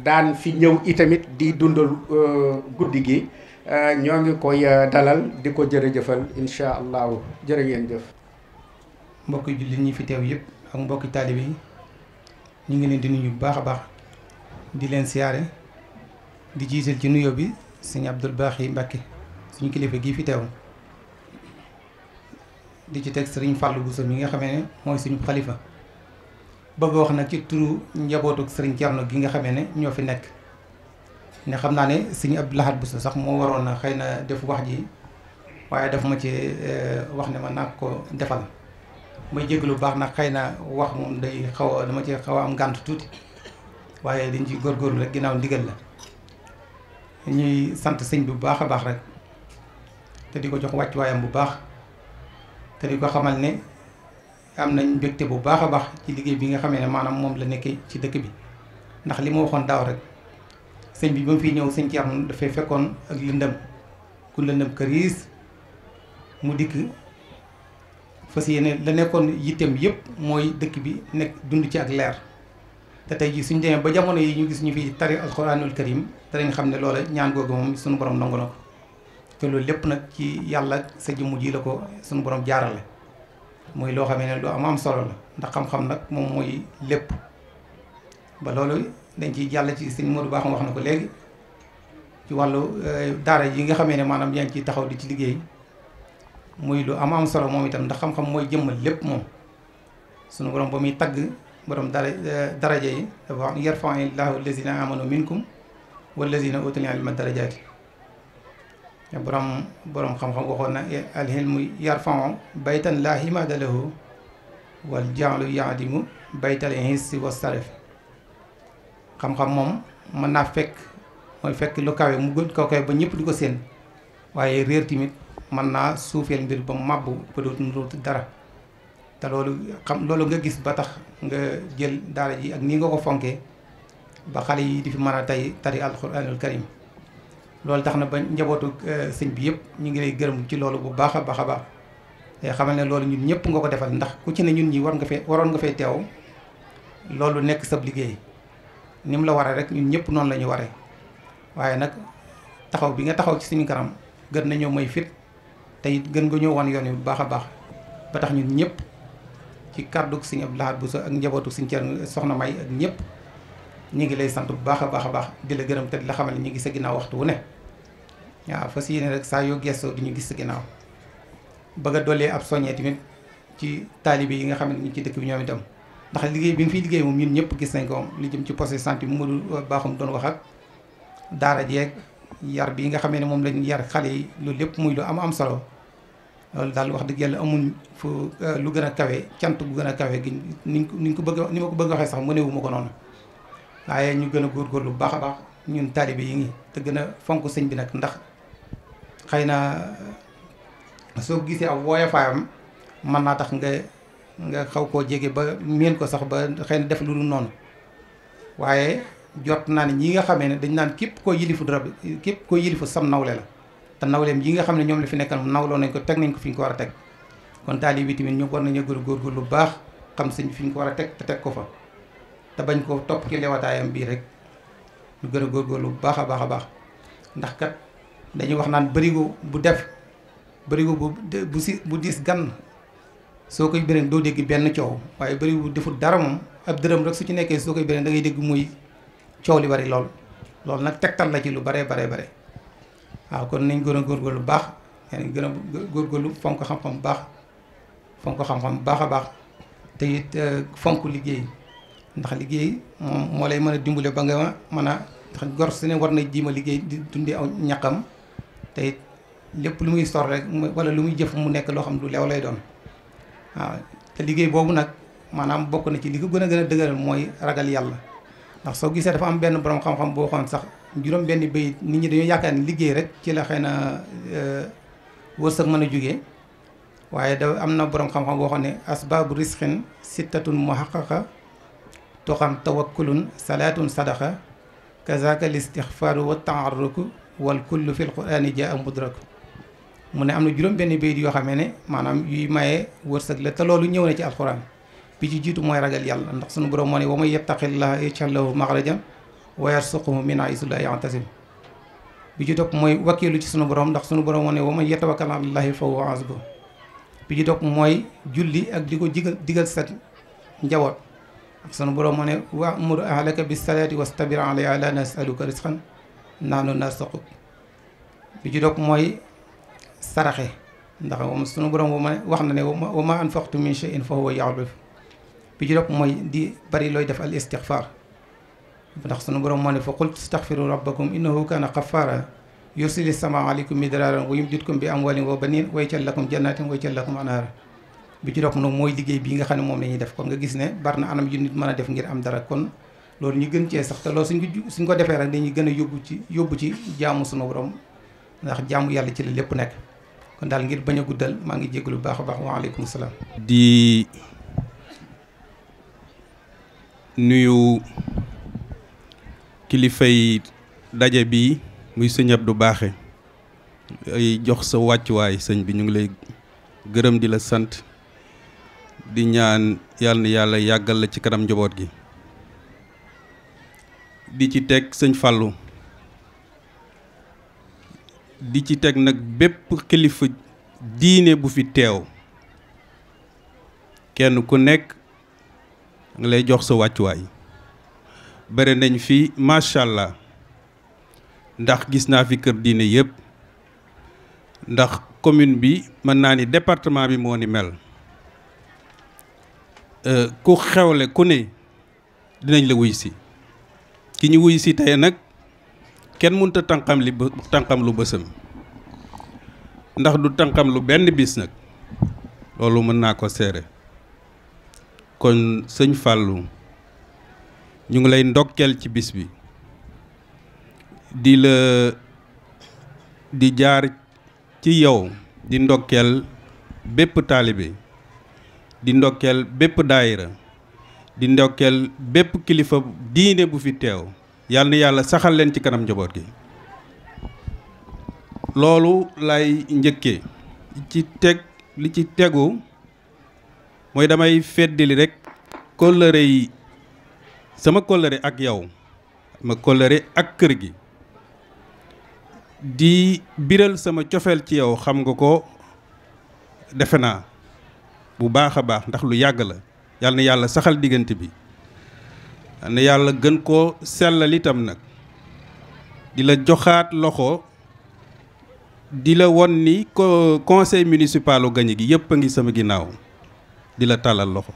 daan fi ñëw itamit di dundal guddi gi Euh, ñoo ngi koy euh, dalal di ko jërëjëfal incha allahu jërë ngeen jëf. mbokki jullit ñi fi teew yëpp ak mbokki taalibe yi ñu ngi leen di nuyu bu baax a baax di leen siyaare di jiital ci nuyo bi sëñ baax yi mbakki suñu kilifa gi fi teew di ci teg sëriñ Fàllu Buso mi nga xame ne mooy suñu xalifa bëgg wax nag ci turu njabootuk sëriñ Cerno gi nga xame ne ñoo fi nekk. ne xam naa ne sëñ Abdou Lahad Bousso sax moo waroon na xëy na def wax ji waaye daf ma ci euh, wax ne ma nag ko defal may lu baax nag xëy na wax moom day xaw a dama ci xaw a am gànt tuuti waaye dañ ci góorgóorlu rek ginnaaw ndigal la ñuy sant sëñ bu baax a baax rek te di ko jox wàcc waayam bu baax te di ko xamal ne am nañ mbégte bu baax a baax ci liggéey bi nga xamee ne maanaam moom la nekkee ci dëkk bi ndax li ma waxoon daaw rek sëñ bi ba mu fiy ñëw sëñ Ceerno dafay fekkoon ak lëndëm ku lëndëm këriis mu dikk fas yeneen la nekkoon yitteem yëpp mooy dëkk bi nekk dund ci ak leer te tey jii suñ demee ba jamono yi ñu gis ñu fi tari alxuraanul karim danañ xam ne loola ñaan googu moom suñu borom nangu na ko te loolu lépp nag ci yàlla sa jëmm ji la ko suñu borom jaarale mooy loo xamee ne lu am am solo la ndax xam-xam nag moom mooy lépp ba loolu dañ ciy jàll ci sëñ Modou Baax wax na ko léegi ci wàllu euh, daara yi nga xamee ne maanaam yaa ngi ciy taxaw di ci liggéey muy lu am am solo moom itam ndax xam-xam mooy jëmmal lépp moom sunu borom ba muy tagg borom dara euh, daraja yi dafa wax yarfa'u llaahu allazina amanu minkum wallazina utul ilma darajaati borom borom xam-xam waxoon na al ilmu yarfa'u baytan laa himaada lahu wal jahlu yaadimu baytal hissi wa saraf xam-xam moom mën naa fekk mooy fekk lu kawe mu gën koo kawe ba ñëpp di ko séen waaye réer tamit mën naa suufeel mbir ba màbb ba dootu dara te loolu xam loolu nga gis ba tax nga jël daara ji ak nii nga ko fonkee ba xale yi di fi mën a tey tari alxuraanul karim loolu tax na ba njabootu eh, sëñ bi yëpp ñu ngi lay gërëm ci loolu bu baax a baax a baax te xamal ne loolu ñun ñëpp nga ko defal ndax ku ci ne ñun ñi war nga fee waroon nga fee teew loolu nekk sab liggéey ni mu la waree rek ñu ñëpp noonu la ñu waree waaye nag taxaw bi nga taxaw ci suñu kanam gën nañoo may fit te it gën nga ñëw wan yoon wi bu baax a baax ba tax ñun ñëpp ci kàddu Sëriñ Abdou Lahad Bousso njabootu Sëriñ Thierno Soxna May ak ñëpp ñu ngi lay sant bu baax a baax a baax di la gërëm te di la xamal ñu ngi sa ginnaaw waxtu wu ne waaw fas yéene rek saa yoo gëstoo di ñu gis sa ginnaaw bëgg a dolli ab soññee tamit ci taalibe yi nga xam ne ñu ci dëkk bi ñoom itam. ndax liggéey bi mu fi liggéey moom ñun ñëpp gis nañ ko li jëm ci poste santé bi Modou Bakhoum doon wax ak daara jeeg yar bi nga xamee ne moom lañ yar xale yi loolu lépp muy lu am am solo loolu daal wax dëgg yàlla amuñ fu euh, lu gën a kawe cant gu gën a kawe gi niñ ko niñ ko bëgg ni ma ko bëgg waxee sax mënewuma ko noonu waaye ñu gën a góorgóorlu lu baax a baax ñun taalibe yi ngi te gën a fonk sëñ bi nag ndax xëy na soo gisee ak wooyafaayam mën naa tax nga nga xaw koo jege ba miin ko sax ba xëy na def lu dul noonu waaye jot naa ne ñi nga xamee ne dañ naan képp ko yilifu dara képp ko yilifu sam nawle la te nawleem yi nga xam ne ñoom la fi nekkal nawloo nañ ko teg nañ ko fi ñu ko war a teg kon taalibe yi tamit ñu war nañu gën a góorgóorlu lu baax xam sëñ fi ko war a teg teg ko fa te bañ ko topp ci lewataayam bii rek ñu gën a góorgóorlu bu baax a baax a baax ndax kat dañuy wax naan bërigo bu def bërigo bu si bu diis gan soo koy béréen doo dégg benn coow waaye bëriwul deful dara moom ab dërëm rek su ci nekkee soo koy béréen dangay ngay dégg muy coow li bari lool loolu nag tegtal la ci lu baree baree bare waaw kon nañ gën a góorgóorlu bu baax nañ gën fonk xam-xam bu baax fonk xam-xam bu baax a baax te it euh, fonk liggéey ndax liggéey moom moo lay mën a dimbale ba nga mën a ndax gor su ne war na jiima liggéey di dundee aw ñaqam te yit lépp lu muy sor rek wala lu muy jëf mu nekk loo xam du leew lay doon waaw te liggéey boobu nag maanaam bokk na ci li ko gën a gën a dëgëral mooy ragal yàlla ndax soo gisee dafa am benn borom xam-xam boo xoon sax juróom benn bay nit ñi dañu yaakaar ni liggéey rek ci la xëy na euh, wërsëg mën a jóge waaye da am na boroom xam-xam boo xam ne asbaabu risqin sittatun muhaqqaqa toxam tawakkulun salaatun sadaqa kazaka listixfaaru wa taaruku wal kullu fi l qurani jaa mudraku mu ne am na juróom benn bayit yoo xamee ne maanaam yuy maye wërsëg la te loolu ñëw na ci alxuraan bi jiitu mooy ragal yàlla ndax sunu borom moo ne wa may yattaqillaha yaj'al lahu makhrajan wa yarzuqhu min haysu la yahtasib bi ci topp mooy wakkiilu ci sunu borom ndax sunu borom moo ne wa man yatawakkal ala llahi fa huwa hasbuh bi ju topp mooy julli ak di ko digal sa njaboot ak sunu borom moo ne wa amur ahlaka bis salaati wastabir alayha la nasaluka rizqan nahnu narzuquk bi ci topp mooy saraxe ndax sunu borom ma wax na ne wa ma anfaqtu min shay'in fa huwa yaxluf bi ci mooy di bari looy def al istixfar ndax sunu borom moo ne fa qultu staxfiru rabbakum innahu kaana xafaara yursili sama aleykum midraaran wa yumdidkum bi amwalin wa banin wa yaj'al lakum jannatin wa yaj'al lakum anhaara bi ci topp nag mooy liggéey bii nga xam ne moom la ñuy def kon nga gis ne bari na anam yu nit mën a def ngir am dara kon loolu ñu gën cee sax te loolu suñ ko suñ ko defee rek dañuy gën a yóbbu ci yóbbu ci jaamu sunu borom ndax jaamu yàlla ci la lépp nekk kon ngir bañ a guddal maa ngi jégalu lu baax a baax waaleykum salaam. di nuyu kilifay daje bi muy sëñ du Baaxe ay jox sa wàccuwaay sëñ bi ñu ngi lay gërëm di la sant di ñaan yàlla yàlla yàggal la ci kanam njaboot gi. di ci teg sëñ Fallou. di ci teg nag bépp kilifa diine bu fi teew kenn ku nekk nga lay jox sa wàccuwaay bare nañ fi macha allah ndax gis naa fi kër diine yëpp ndax commune bi mën naa ni département bi moo ni mel euh, ku xewle ku ne dinañ la wuy si ki ñu wuy si tey nag kenn mënta tànqam li tànqam lu bësam ndax du tànqam lu benn bis nag loolu mën naa ko seere kon sëñ Fallou ñu ngi lay ndokkeel ci bis bi di la di jaar ci yow di ndokkeel bépp taalibe di ndokkeel bépp daayira di ndokkeel bépp kilifa diine bu fi teew yàlla na yàlla saxal leen ci kanam njaboot gi loolu lay njëkkee ci teg li ci tegu mooy damay feddali rek kóllëre yi sama kóllëre ak yow ma kóllëre ak kër gi di biral sama cofeel ci yow xam nga ko defe naa bu baax a baax ndax lu yàgg la yàlla na yàlla saxal diggante bi na yàlla gën koo sellal itam nag di la joxaat loxo di la won ni ko conseil municipalu Gagny gi yëpp a ngi sama ginnaaw di la tàllal loxo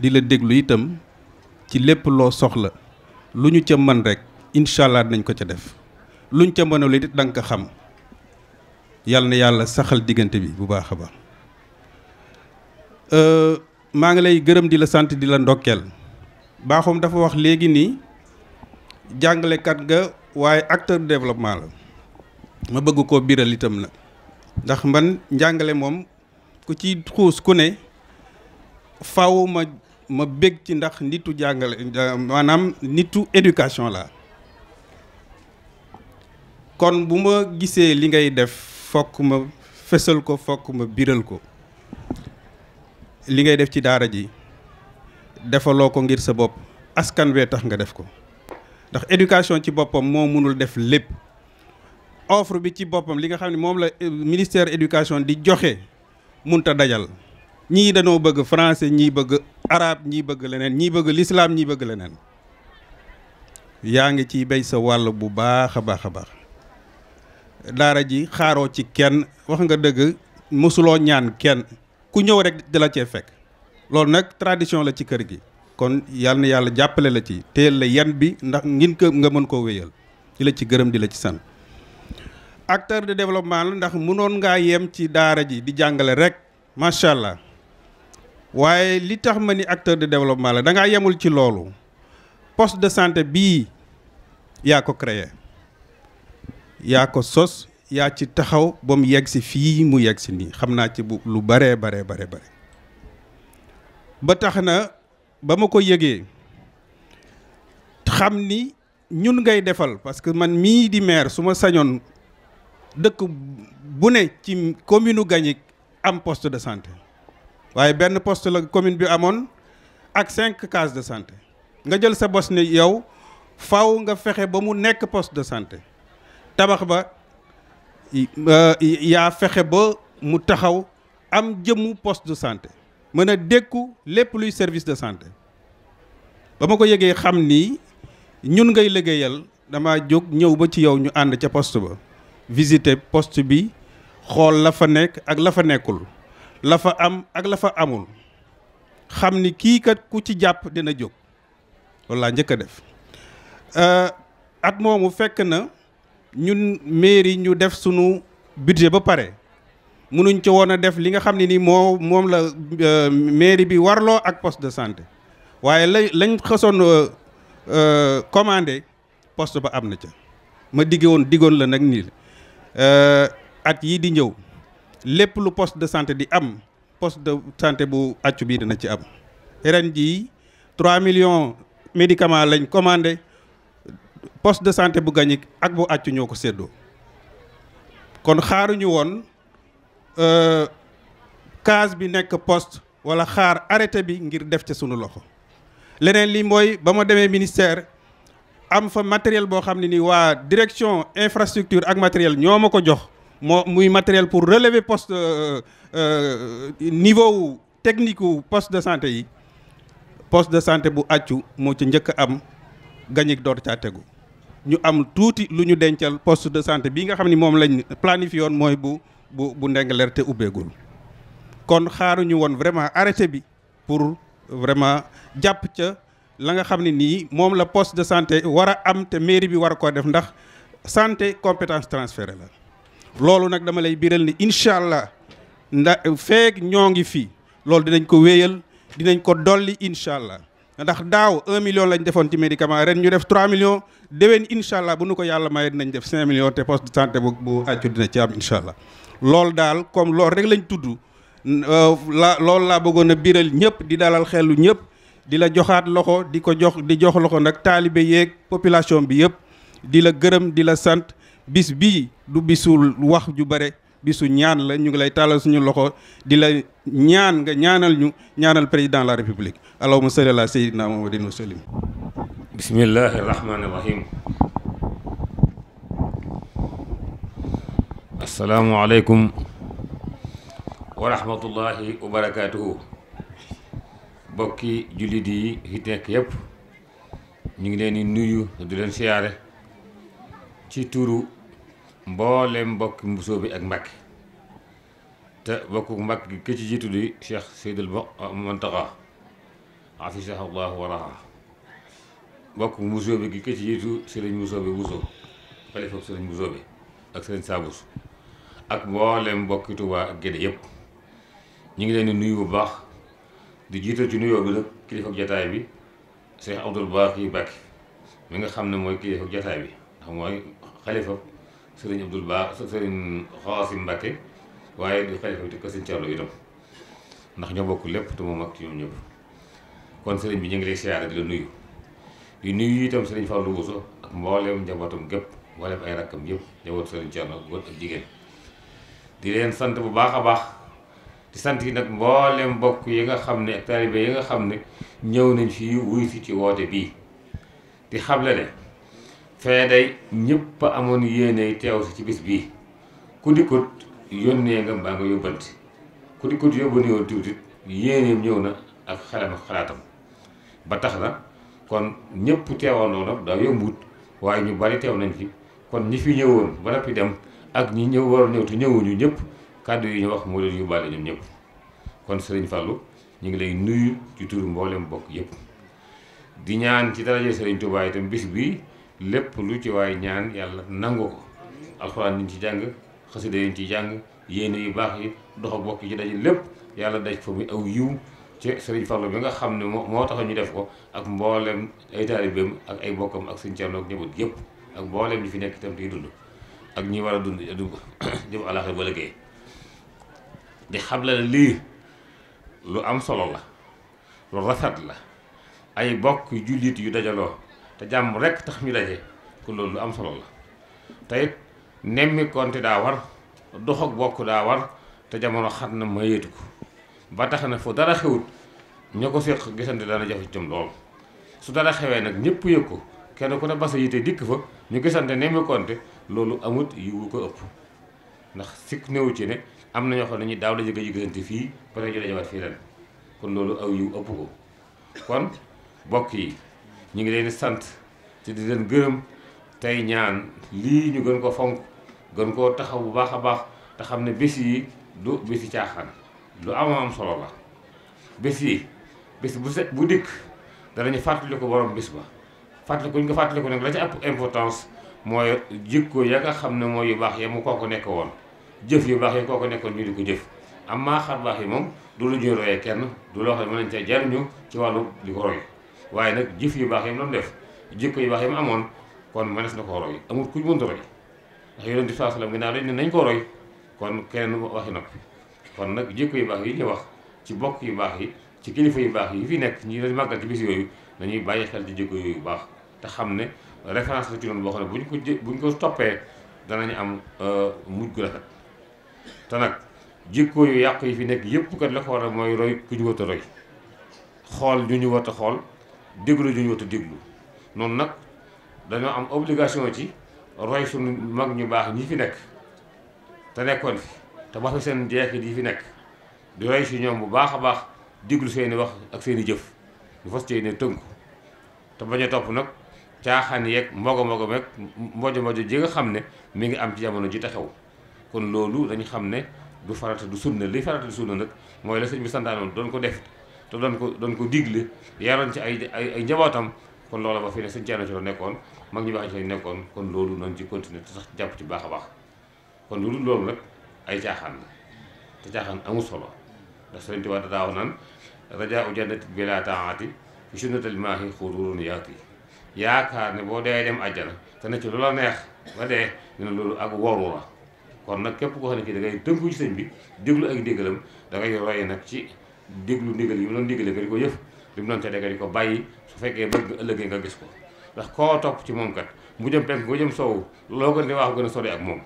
di la déglu itam ci lépp loo soxla lu ñu ca man rek incha allah dinañ ko ca def luñ ca mënul it danga ko xam yàlla na yàlla saxal diggante bi bu baax a baax euh, maa ngi lay gërëm di la sant di la ndokkeel baaxum dafa wax léegi nii jàngalekat nga waaye acteur de développement la ma bëgg koo biral itam na ndax man njàngale moom ku ci xuus ku ne faw ma ma bég ci ndax nitu jàngale maanaam nitu éducation la kon bu ma gisee li ngay def fokk ma fësal ko fokk ma biral ko li ngay def ci daara ji defaloo ko ngir sa bopp askan wee tax nga def ko ndax éducation ci boppam moo mënul def lépp ofre bi ci boppam li nga xam ne moom la euh, ministère éducation di joxe munta dajal ñii dañoo bëgg français ñi bëgg arabe ñii bëgg leneen ñii bëgg lislaam ñi bëgg leneen yaa ngi ciy béy sa wàll bu baax a baax a baax daara ji xaaroo ci kenn wax nga dëgg mosuloo ñaan kenn ku ñëw rek dala cee fekk loolu nag tradition la ci kër gi kon yàlla yàlla jàppale la ci teel la yan bi ndax ngin ko nga mën koo wéyal di la ci gërëm di la ci sant acteur de développement la ndax mënoon ngaa yem ci daara ji di jàngale rek macha allah waaye li tax ma ni acteur de développement la da ngaa yemul ci loolu poste de santé bii yaa ko créé yaa ko sos yaa ci taxaw ba mu yegg si fii mu yegg si nii xam naa ci bu lu baree baree bare bare ba tax na ba ma ko yëgee xam ni ñun ngay defal parce que man mii di maire su ma sañoon dëkk bu ne ci commune u am poste de santé waaye benn poste la commune bi amoon ak cinq cases de santé nga jël sa bos ne yow faw nga fexe ba mu nekk poste de santé tabax ba euh, yaa fexe ba mu taxaw am jëmu poste de santé mën a dékku lépp luy service de santé ba ma ko yëgee xam ni ñun ngay liggéeyal dama jóg ñëw ba ci yow ñu ànd ca post ba visiter poste bi xool la fa nekk ak la fa nekkul la fa am ak la fa amul xam ni kii kat ku ci jàpp dina jóg loolu laa njëkk a def euh, at moomu fekk na ñun mairie ñu def sunu budget ba pare munuñ ci woon a def li nga xam ne ni moo moom la euh, mairie bi warloo ak poste de santé waaye la lañ xësoon euh, euh, commandé poste ba am na ca ma digge woon diggoon la nag nii at yii di ñëw lépp lu poste de santé di am poste de santé bu accu bii dina ci am ren jii 3 millions médicament lañ commandé poste de santé bu gañik ak bu accu ñoo ko séddoo kon xaaruñu woon Euh, case bi nekk post wala xaar arrêté bi ngir def ca sunu loxo leneen li mooy ba ma demee ministère am fa matériel boo xam ne ni waa direction infrastructure ak matériel ñoo ma ko jox moo muy matériel pour relever poste euh, euh, niveau technique wu poste de santé yi poste de santé bu àccu moo ci njëkk am gañik door caa tegu ñu am tuuti lu ñu dencal poste de santé bi nga xam ne moom lañ planifier woon mooy bu bu bu Ndingler te ubbeegul kon xaaruñu woon vraiment arrêté bi pour vraiment jàpp ca la nga xam ne nii moom la poste de santé war a am te mairie bi war a koo def ndax santé compétence transférée la loolu nag dama lay biral ni incha allah ndax feek ñoo ngi fii loolu dinañ ko wéyal dinañ ko dolli incha allah ndax daaw un million lañ defoon ci médicament ren ñu def 3 millions déwén incha allah bu nu ko yàlla maye nañ def 5 millions te poste de santé bu bu dina ci am incha allah. loolu daal comme loolu rek lañ tudd euh, la loolu laa bëggoon a biral ñëpp di dalal xelu ñëpp di la joxaat loxo di ko jox di jox loxo nag taalibe yeeg population bi yëpp di la gërëm di la sant bis bii du bisul wax ju bare. bisu ñaan la ñu ngi lay tàllal suñu loxo di la ñaan nga ñaanal ñu président la république allahumma salli ala sayyidina muhammadin wa sallim wa rahmatullahi bokki jullit yi fi nekk yëpp ñu ngi leen di nuyu di leen siyaare ci tuuru mboolem mbokki mbusoo bi ak mbàkke te bokku mbàkke gi ki jiitu di cheikh seydul Muntaxa ah, afisahu llaahu wa raha bokk mbusoo bi gi ki ci jiitu sëriñ mbusoo bi mbusoo xalifa sëriñ mbusoo bi ak sëriñ saabus ak mboolem mbokki tubaa ak génne yépp ñu ngi leen di nuyu bu baax di jiital ci nuyoo bi nag kilifa jataay bi cheikh abdul baax yi bàkki mi nga xam ne mooy kilifa jataay bi ndax mooy xalifa sëriñ Abdul Baax sëriñ Xaasim Mbàkke waaye di xalifa te ko sëriñ Cerno itam ndax ñoo bokk lépp te ak ci ñoom ñëpp sëriñ bi ñu ngi lay siyaare di la nuyu di nuyu itam sëriñ Fallou Bousso ak ay rakkam yëpp njaboot sëriñ Cerno góor sant bu baax a baax sant yi nag mbooleem mbokk yi nga xam ne ak taalibe yi xam ne ñëw nañ fii wuy si ci woote bii di xamle fee day ñëpp amoon yéene teew si ci bis bii ku dikkut yónnee nga mbaa nga yóbbanti ku dikkut yóbbani woon tuuti yéeneem ñëw na ak xelam ak xalaatam ba tax na kon ñëpp teewandoo nag daa yombut waaye ñu bari teew nañ fi kon ñi fi ñëwoon ba noppi dem ak ñi ñëw waroon ñëw te ñëwuñu ñëpp kàddu yi ñu wax moo leen yóbbaale ñoom ñëpp kon sëriñ Fallou ñu ngi lay nuyu ci turu mboolem bokk yëpp di ñaan ci daraje sëriñ Touba itam bis bii. lépp lu ci waay ñaan yàlla nangu ko alxuraan niñ ci jàng xasida yiñ ci jàng yéene yu baax yi dox ak bokk ci daje lépp yàlla daj fa muy aw yiw ci sëriñ Fallu bi nga xam ne moo moo tax ñu def ko ak mboolem ay taalibeem ak ay bokkam ak sëñ Cerno ak ak mboolem ñi fi nekk itam di dund ak ñuy war a dund du jëm àlaxir ba liggéey di xamle ne lii lu am solo la lu rafet la ay bokk jullit yu dajaloo te jàmm rek tax ñu daje ku loolu am solo la te it daa war dox ak bokk daa war te jamono xat na mayeetu ko ba tax na fu dara xewut ña ko séq gisante dana jafe ci lool su dara xewee nag ñëpp yëg ko kenn ku ne basa yite dikk fa ñu gisante nemmi konte loolu amut yiwu ko ëpp ndax sikk néewu ci ne am na ñoo xam daaw la jëkk a gisante fii pare ñu dajawaat fii ren kon loolu aw yiw ëpp ko kon bokk yi ñu ngi leen di sant te di leen gërëm tey ñaan lii ñu gën ko fonk gën koo taxaw bu baax a baax te xam ne bés yi du bési caaxaan lu am am solo la bés yi bés bu set bu dikk danañu fàttali ko borom bés ba fàttali ko ñu ko fàttali ko nag la ci ëpp importance mooy jikko ya nga xam ne mooy yu baax ya mu kooku nekk woon jëf yu baax yi kooku nekkoon ñu di ko jëf am maa baax yi moom du lu ñuy royee kenn du loo xam ne mën nañ cee jariñu ci wàllu di ko roy waaye nag jëf yu baax yi mu def jikko yu baax yi mu amoon kon mënees na koo roy amul ku mënta roy ndax yonent bi sallallahu alayhi wasallam nañ koo roy kon keneen waxi noppi kon nag jikko yu baax yi wax ci bokk yu baax yi ci kilifa yu baax yi fi nekk ñi dañ màggal yooyu nañuy bàyyi xel ci jikko yooyu baax te xam ne référence la ci doon boo xam ne buñ ko jë buñ ko toppee danañu am euh, mujj gu rafet te nag jikko yu yàq yi fi nekk yëpp kat la a mooy roy ku ñu war a roy xool ñu ñu war xool déglu ju ñu wut a déglu noonu nag dañoo am obligation ci roy suñu mag ñu baax ñi fi nekk te nekkoon fi te wax fi seen jeexit yi fi nekk di roy si ñoom bu baax a baax déglu seeni wax ak seeni jëf ñu fas cee ne tënku te bañ a topp nag caaxaan yeeg mbogo mbogo meeg mbojo mbojo ji nga xam ne mi ngi am ci jamono ji te xew kon loolu dañu xam ne du farata du sunna li farata du sunna nag mooy la sëñ bi santaanoon doon ko def te doon ko doon ko digle yaroon ci ay ay njabootam kon loola ba fii ne sëñ Thierno nekkoon mag ñi baax ci nekkoon kon loolu noonu ci continuer te sax jàpp ci baax baax kon lu dul loolu nag ay caaxaan la te caaxaan amul solo ndax Sëriñ Tuubaa daa wax naan rajaa u jannati bila taati fi sunnatil maahi xururun yaati yaakaar ne boo dee dem ajana te na ci loola neex ba dee ñu ne loolu ak woru la kon nag képp koo xam ne kii da ngay tënku ci sëñ bi déglu ak déggalam da ngay roy nag ci déglu ndigal yi mu doon digale nga di ko yëf li mu doon tere nga di ko bàyyi su fekkee bëgg ëllëgee nga gis ko ndax koo topp ci moom kat mu jëm penk nga jëm soow loo gën di wax gën a sori ak moom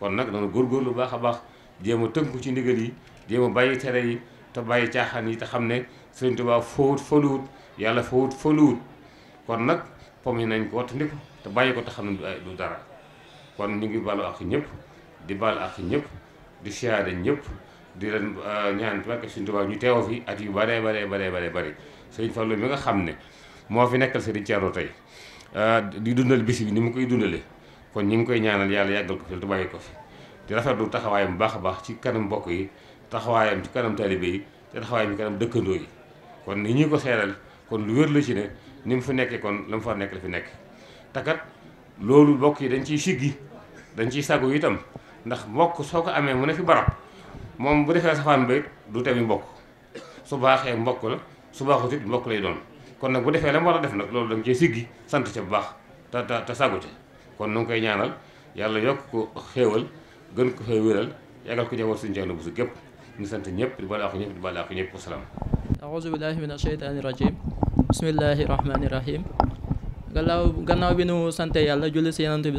kon nag góor góor lu baax a baax jéem a tënku ci ndigal yi jéem a bàyyi tere yi te bàyyi caaxaan yi te xam ne Sëriñ Tuubaa fowut foluwut yàlla fowut foluwut kon nag pom yi nañ ko wattandiku te bàyyi ko te xam ne du dara kon ñu ngi balu ak ñëpp di bal ak ñëpp di siyaare ñëpp di leen euh, ñaan barke Sëriñ Tuubaa ñu teew fi at yu bare bare bare bare bëri Sëriñ Fallu mi nga xam ne moo fi nekkal Sëriñ Ceerno tey euh, di dundal bis bi ni mu koy dundale kon ñi ngi koy ñaanal yàlla yàggal ko fi te bàyyi ko fi di rafetlu taxawaayam bu baax a baax ci kanam mbokk yi taxawaayam ci kanam taalibe yi te taxawaayam ci dëkkandoo yi kon ni ñu ko seeral kon lu wér la ci ne ni mu fi nekkee kon la mu fa nekk la nekk takat loolu mbokk yi dañ ciy siggi dañ ciy sagu itam ndax mbokk soo ko amee mu ne fi barab moom bu defee safaan ba du temi mbokk su baaxee mbokk la su baaxut it mbokk lay doon kon nag bu defee la mu war a def nag loolu da nga cee siggi sant ca bu baax te te te sàggu ca kon nu ngi koy ñaanal yàlla yokk ko xéewal gën ko fay wéral yàggal ko jawar suñu ceerno bu su gépp ñu sant ñëpp di bala ak ñëpp di bala ak ñëpp wasalaam aouzu billahi min asheytaani rajim bismillahi rahmaani rahim gannaaw gannaaw bi nu sante yàlla julli si yonent bi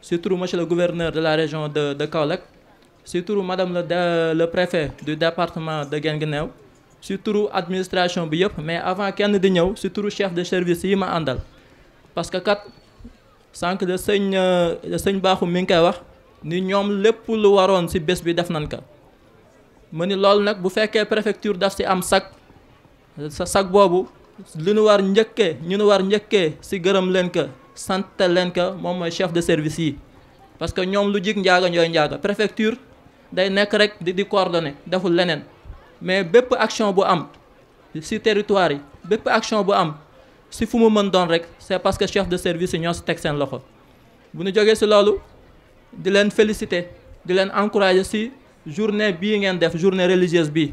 surtout monsieur gouverneur de la région de de Kaolack surtout madame le euh, le de du département neew Guinguinéo surtout administration bi yëpp mais avant kenn di ñëw surtout chef de service yi ma àndal. parce que kat sànq de sëñ euh, sëñ baaxu mi ngi koy wax ni ñoom lépp lu waroon ci bés bi def nañ ko ma ni loolu nag bu fekkee préfecture daf ci am sac sa sac boobu li nu war njëkkee ñu nu war njëkkee ci gërëm leen ko. sant leen que moom mooy chef de service yi parce que ñoom lu jig njaaga njooy njaaga préfecture day nekk rek di di coordonné deful leneen mais bépp action bu am si territoire yi bépp action bu am si fu mu mën doon rek c'est parce que chef de service yi ñoo si teg seen loxo bu ñu jógee si loolu di leen félicité di leen encourager si journée bii ngeen def journée religieuse bi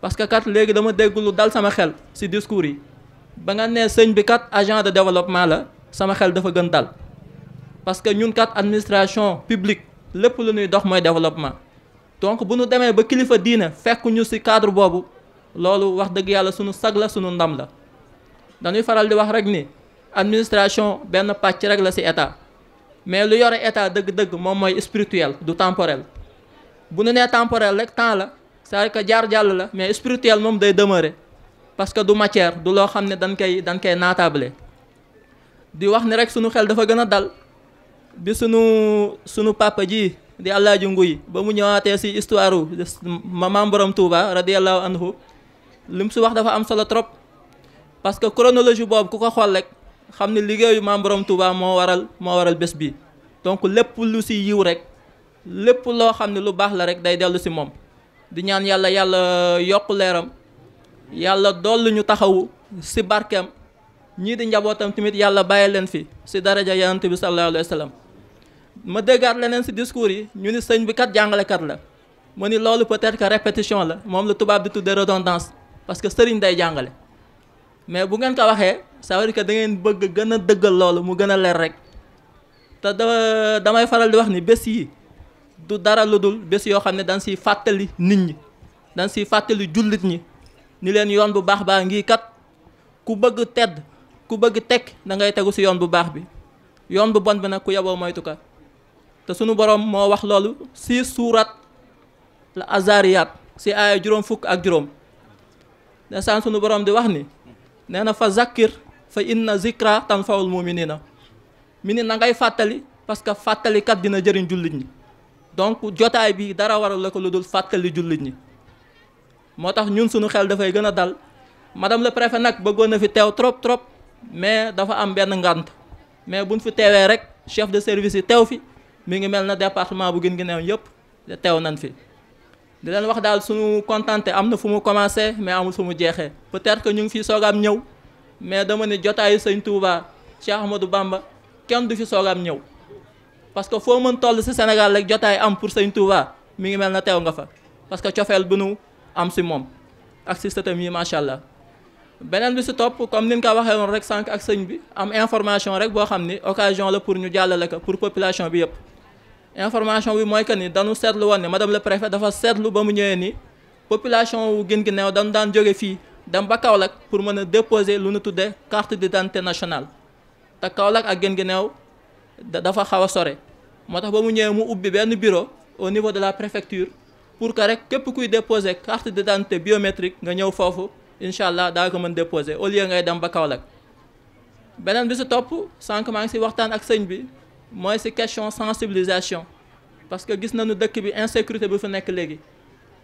parce que kat léegi dama dégg lu dal sama xel si discours yi ba nga nee sëñ bi kat agent de développement la sama xel dafa gën dal parce que ñun kat administration publique lépp lu ñuy dox mooy développement donc bu nu demee ba kilifa diine fekk ñu ci cadre boobu loolu wax dëgg yàlla sunu sag la sunu ndam la dañuy faral di wax rek ni administration benn pàcc rek la ci état mais lu yore état dëgg-dëgg moom mooy spirituel du temporel bu ñu nee temporel rek temps la cest à jaar jàll la mais spirituel moom day demeurer. parce que du matière du loo xam ne dañ koy dañ koy naatable di wax ni rek sunu xel dafa gën a dal bi sunu sunu papa ji di Alaaji Nguy ba mu ñëwaatee si histoire u maam Borom Touba radiyallahu anhu li si wax dafa am solo trop parce que chronologie boobu ku ko xool rek xam ne liggéeyu maam Borom Touba moo waral moo waral bés bi donc lépp lu si yiw rek lépp loo xam ne lu baax la rek day dellu si moom di ñaan yàlla yàlla yokk leeram yàlla dolli ñu taxawu si barkeem ñii di njabootam tamit yàlla bàyyi leen fi si daraja yonent bi sallallahu alayhi wa ma déggaat leneen si discours yi ñu ni sëñ bi kat jàngalekat la mu ni loolu peut-être que répétition la moom la tubaab di tuddee redondance parce que sëriñ day jàngale mais bu ngeen ko waxee ça veut da ngeen bëgg gën a dëggal loolu mu gën leer rek te da damay faral di wax ni bés yi du dara lu dul bés yoo xam ne dan siy fàttali nit ñi dan siy fàttali jullit ñi ni leen yoon bu baax baa ngi kat ku bëgg tedd ku bëgg tekk da ngay tegu si yoon bu baax bi yoon bu bon bi na ku yeboo moytu ka te sunu borom moo wax loolu si suurat la azariyaat si aaya juróom fukk ak juróom desaan sunu borom di wax ni nee na fa zakkir fa inna zikra tanfawul muminina mu ni na ngay fàttali parce que fàttalikat dina jëriñ jullit ñi donc jotaay bii dara waral la ko lu dul fàttali jullit ñi moo tax ñun suñu xel dafay gën a dal madame le préfet nag bëggoon na fi teew trop trop mais dafa am benn ngant mais buñ fi teewee rek chef de service yi teew fi mi ngi mel na département bu gën gi neew yëpp teew nañ fi di leen wax daal suñu kontante am na fu mu commencé mais amul fu mu jeexee peut-être que ñu ngi fi soogaam ñëw mais dama ne jotaayu sëñ Touba Cheikh Ahmadou Bamba kenn du fi soogaam ñëw parce que foo mën toll si Sénégal rek jotaay am pour sëñ mi ngi mel na teew nga fa am si moom ak si sëtam yi macha allah beneen bi si topp comme ni ñu ko waxee woon rek sànq ak sëñ bi am information rek boo xam ni occasion la pour ñu jàllale ko pour population bi yëpp. information bi mooy que ni danu seetlu woon ne madame la préfet dafa seetlu ba mu ñëwee ni population wu gën gi neew dañu daan jóge fii dem ba Kaolack pour mën a déposé lu ñu tuddee carte d'identité nationale te Kaolack ak gën gi neew dafa xaw a sore moo tax ba mu ñëwee mu ubbi benn bureau au niveau de la préfecture. pour que rek képp kuy déposé de d'identité biométrique nga ñëw foofu incha allah daa ko mën déposé au lieu ngay dem ba Kaolack beneen bi si topp sànq maa ngi si waxtaan ak sëñ bi mooy si question sensibilisation parce que gis nañu dëkk bi insécurité bi fa nekk léegi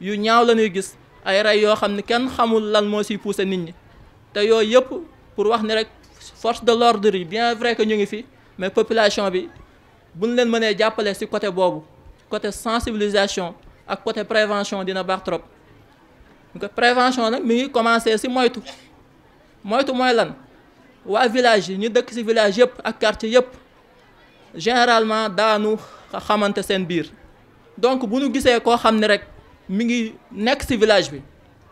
yu ñaaw la ñuy gis ay rey yoo xam ne kenn xamul lan moo siy poussé nit ñi te yooyu yëpp pour wax ni rek force de l'ordre yi bien vrai que ñu ngi fi mais population bi buñ leen mënee jàppale si côté boobu côté sensibilisation ak côté prévention dina baax trop donc prévention nag mi ngi commencé si moytu moytu mooy lan waa village yi ñu dëkk si village yëpp ak quartier yëpp généralement daanu xamante seen biir donc bu ñu gisee koo xam ne rek mu ngi nekk si village bi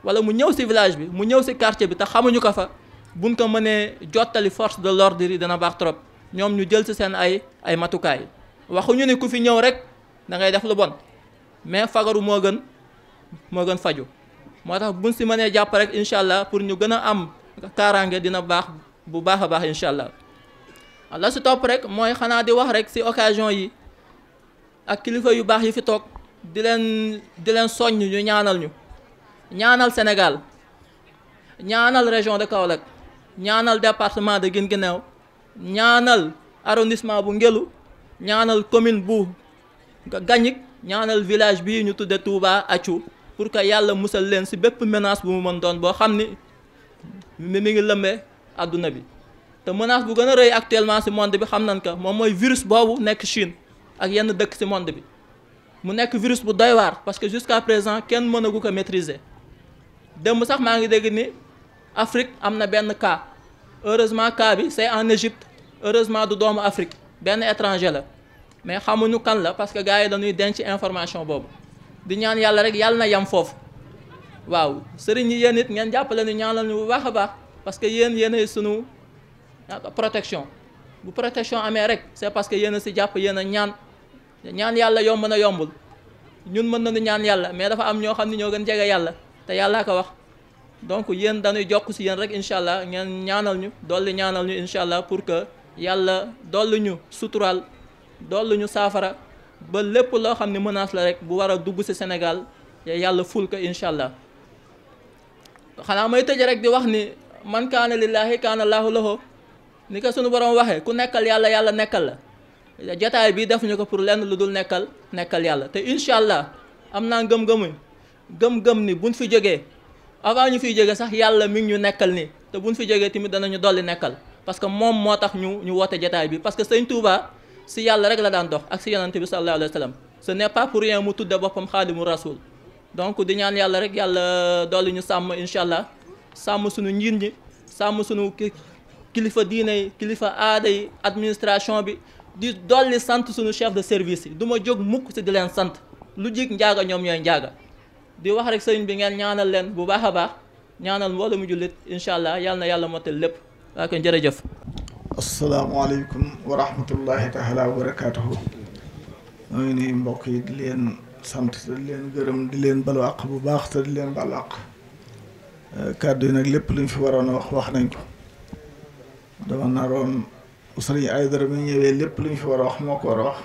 walla mu ñëw si village bi mu ñëw si quartier bi te xamuñu ko fa buñ ko mënee jottali force de l'ordre yi dina baax trop ñoom ñu jël ci seen ay ay matukaay waxuñu ne ku fi ñëw rek da ngay def lu bon. mais fagaru moo gën moo gën faju moo tax bun si mënee jàpp rek incha allah pour ñu gën a am kaaraange dina baax bu baax a baax incha allah la si topp rek mooy xanaa di wax rek si occasion yi ak kilifa yu baax yi fi toog di leen di leen soññ ñu ñaanal ñu ñaanal Sénégal ñaanal région de Kaolack ñaanal département de Guinguinéo ñaanal arrondissement bu Ngélu ñaanal commune bu Gagnic ñaanal village bii ñu tudde Touba Accu pour que yàlla musal leen si bépp menace bu mu mën doon boo xam ni mi ngi lëmbee àdduna bi te menace bu gën a rëy actuellement si monde bi xam nañ ko moom mooy virus boobu nekk Chine ak yenn dëkk si monde bi mu nekk virus bu doy waar parce que jusqu'à présent kenn mënagu ko maîtriser démb sax maa ngi dégg ni Afrique am na benn kaa heureusement cas bi c'est en Égypte heureusement du doomu Afrique benn étranger la mais xamuñu kan la parce que gars yi dañuy denc information boobu di ñaan yàlla rek yàlla na yem foofu waaw sëriñ yi yéen it ngeen jàppale ni ñaanal ñu bu baax a baax parce que yéen suñu sunu protection bu protection amee rek c'est parce que yéen a si jàpp yéen a ñaan ñaan yàlla yomb na yombul ñun mën nañu ñaan yàlla mais dafa am ñoo xam ne ñoo gën jege yàlla te yàllaa ko wax donc yéen dañuy jokk si yéen rek incha allah ngeen ñaanal ñu dolli ñaanal ñu incha allah pour que yàlla dolli ñu dolli ñu saafara ba lépp loo xam ne menace la rek bu war a dugg ci Sénégal yàlla ful ko incha allah xanaa may tëj rek di wax ni man kaana lillaahi kaana laahu loxo ni ko suñu borom waxee ku nekkal yàlla yàlla nekkal la. jataay bi def ñu ko pour lenn lu dul nekkal nekkal yàlla te incha allah am naa gëm-gëmu gëm-gëm ni buñ fi jógee avant ñu fiy jóge sax yàlla mi ñu nekkal ni te buñ fi jógee tamit danañu dolli nekkal parce que moom moo tax ñu ñu woote jataay bi parce que sëñ Touba si yàlla rek la daan dox ak si yonent bi sallallahu alayhi wa sallam ce n'est pas pour rien mu tudde boppam xaadimu donc di ñaan yàlla rek yàlla dolli ñu sàmm incha allah sàmm suñu njiit ñi sàmm suñu ki kilifa diine yi kilifa aada yi administration bi di dolli sant suñu chef de service yi du ma jóg mukk si di leen sant lu jig njaaga ñoom ñooy njaaga di wax rek sëriñ bi ngeen ñaanal leen bu baax a baax ñaanal mbooloo mu jullit incha allah yàlla na yàlla motal lépp waa jërëjëf asalaamaaleykum wa rahmatullahi taala wa barakaatuhu maa ngi nuyu mbokk yi di leen sant te di leen gërëm di leen balu àq bu baax te di leen balu kàddu yi nag lépp luñ fi waroon a wax wax nañ ko dama naroon sëriñ Aydara mi ñëwee lépp luñ fi war a wax moo ko war a wax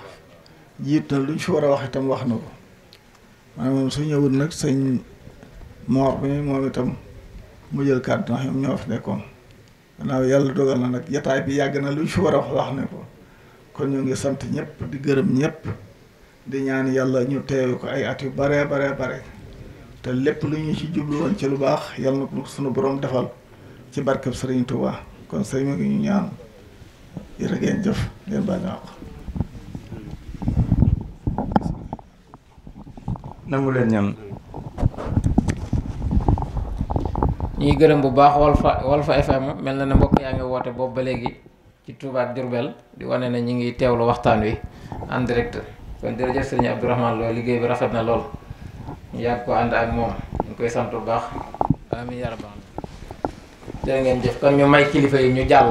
jiit na luñ fi war a wax itam wax na ko maanaam su ñëwul nag sëñ Mor bi moom itam mu jël kàddu ndax ñoom ñoo fi nekkoon. gannaaw yàlla dogal na nag jataay bi yàgg na luñ fi war a wax ne ko kon ñu ngi sant ñëpp di gërëm ñëpp di ñaan yàlla ñu teew ko ay at yu bare bare bare te lépp lu ñu ci jublu ci lu baax yàlla na ko suñu boroom defal ci barkeb Sëriñ Tuubaa kon sëriñ ma ngi ñu ñaan jërë ngeen jëf ngeen baal ñu ñuy gërëm bu baax Walfa Walfa FM mel na ne mbokk yaa ngi woote boobu ba léegi ci Touba ak di wane ne ñu ngi teewlu waxtaan wi en direct kon jërëjëf sëriñ Abdourahmane loolu liggéey bi rafet na lool ñu yàgg ko ànd ak moom ñu koy sant bu baax amiin yaa rabbal ngeen jëf kon ñu may kilifa yi ñu jàll.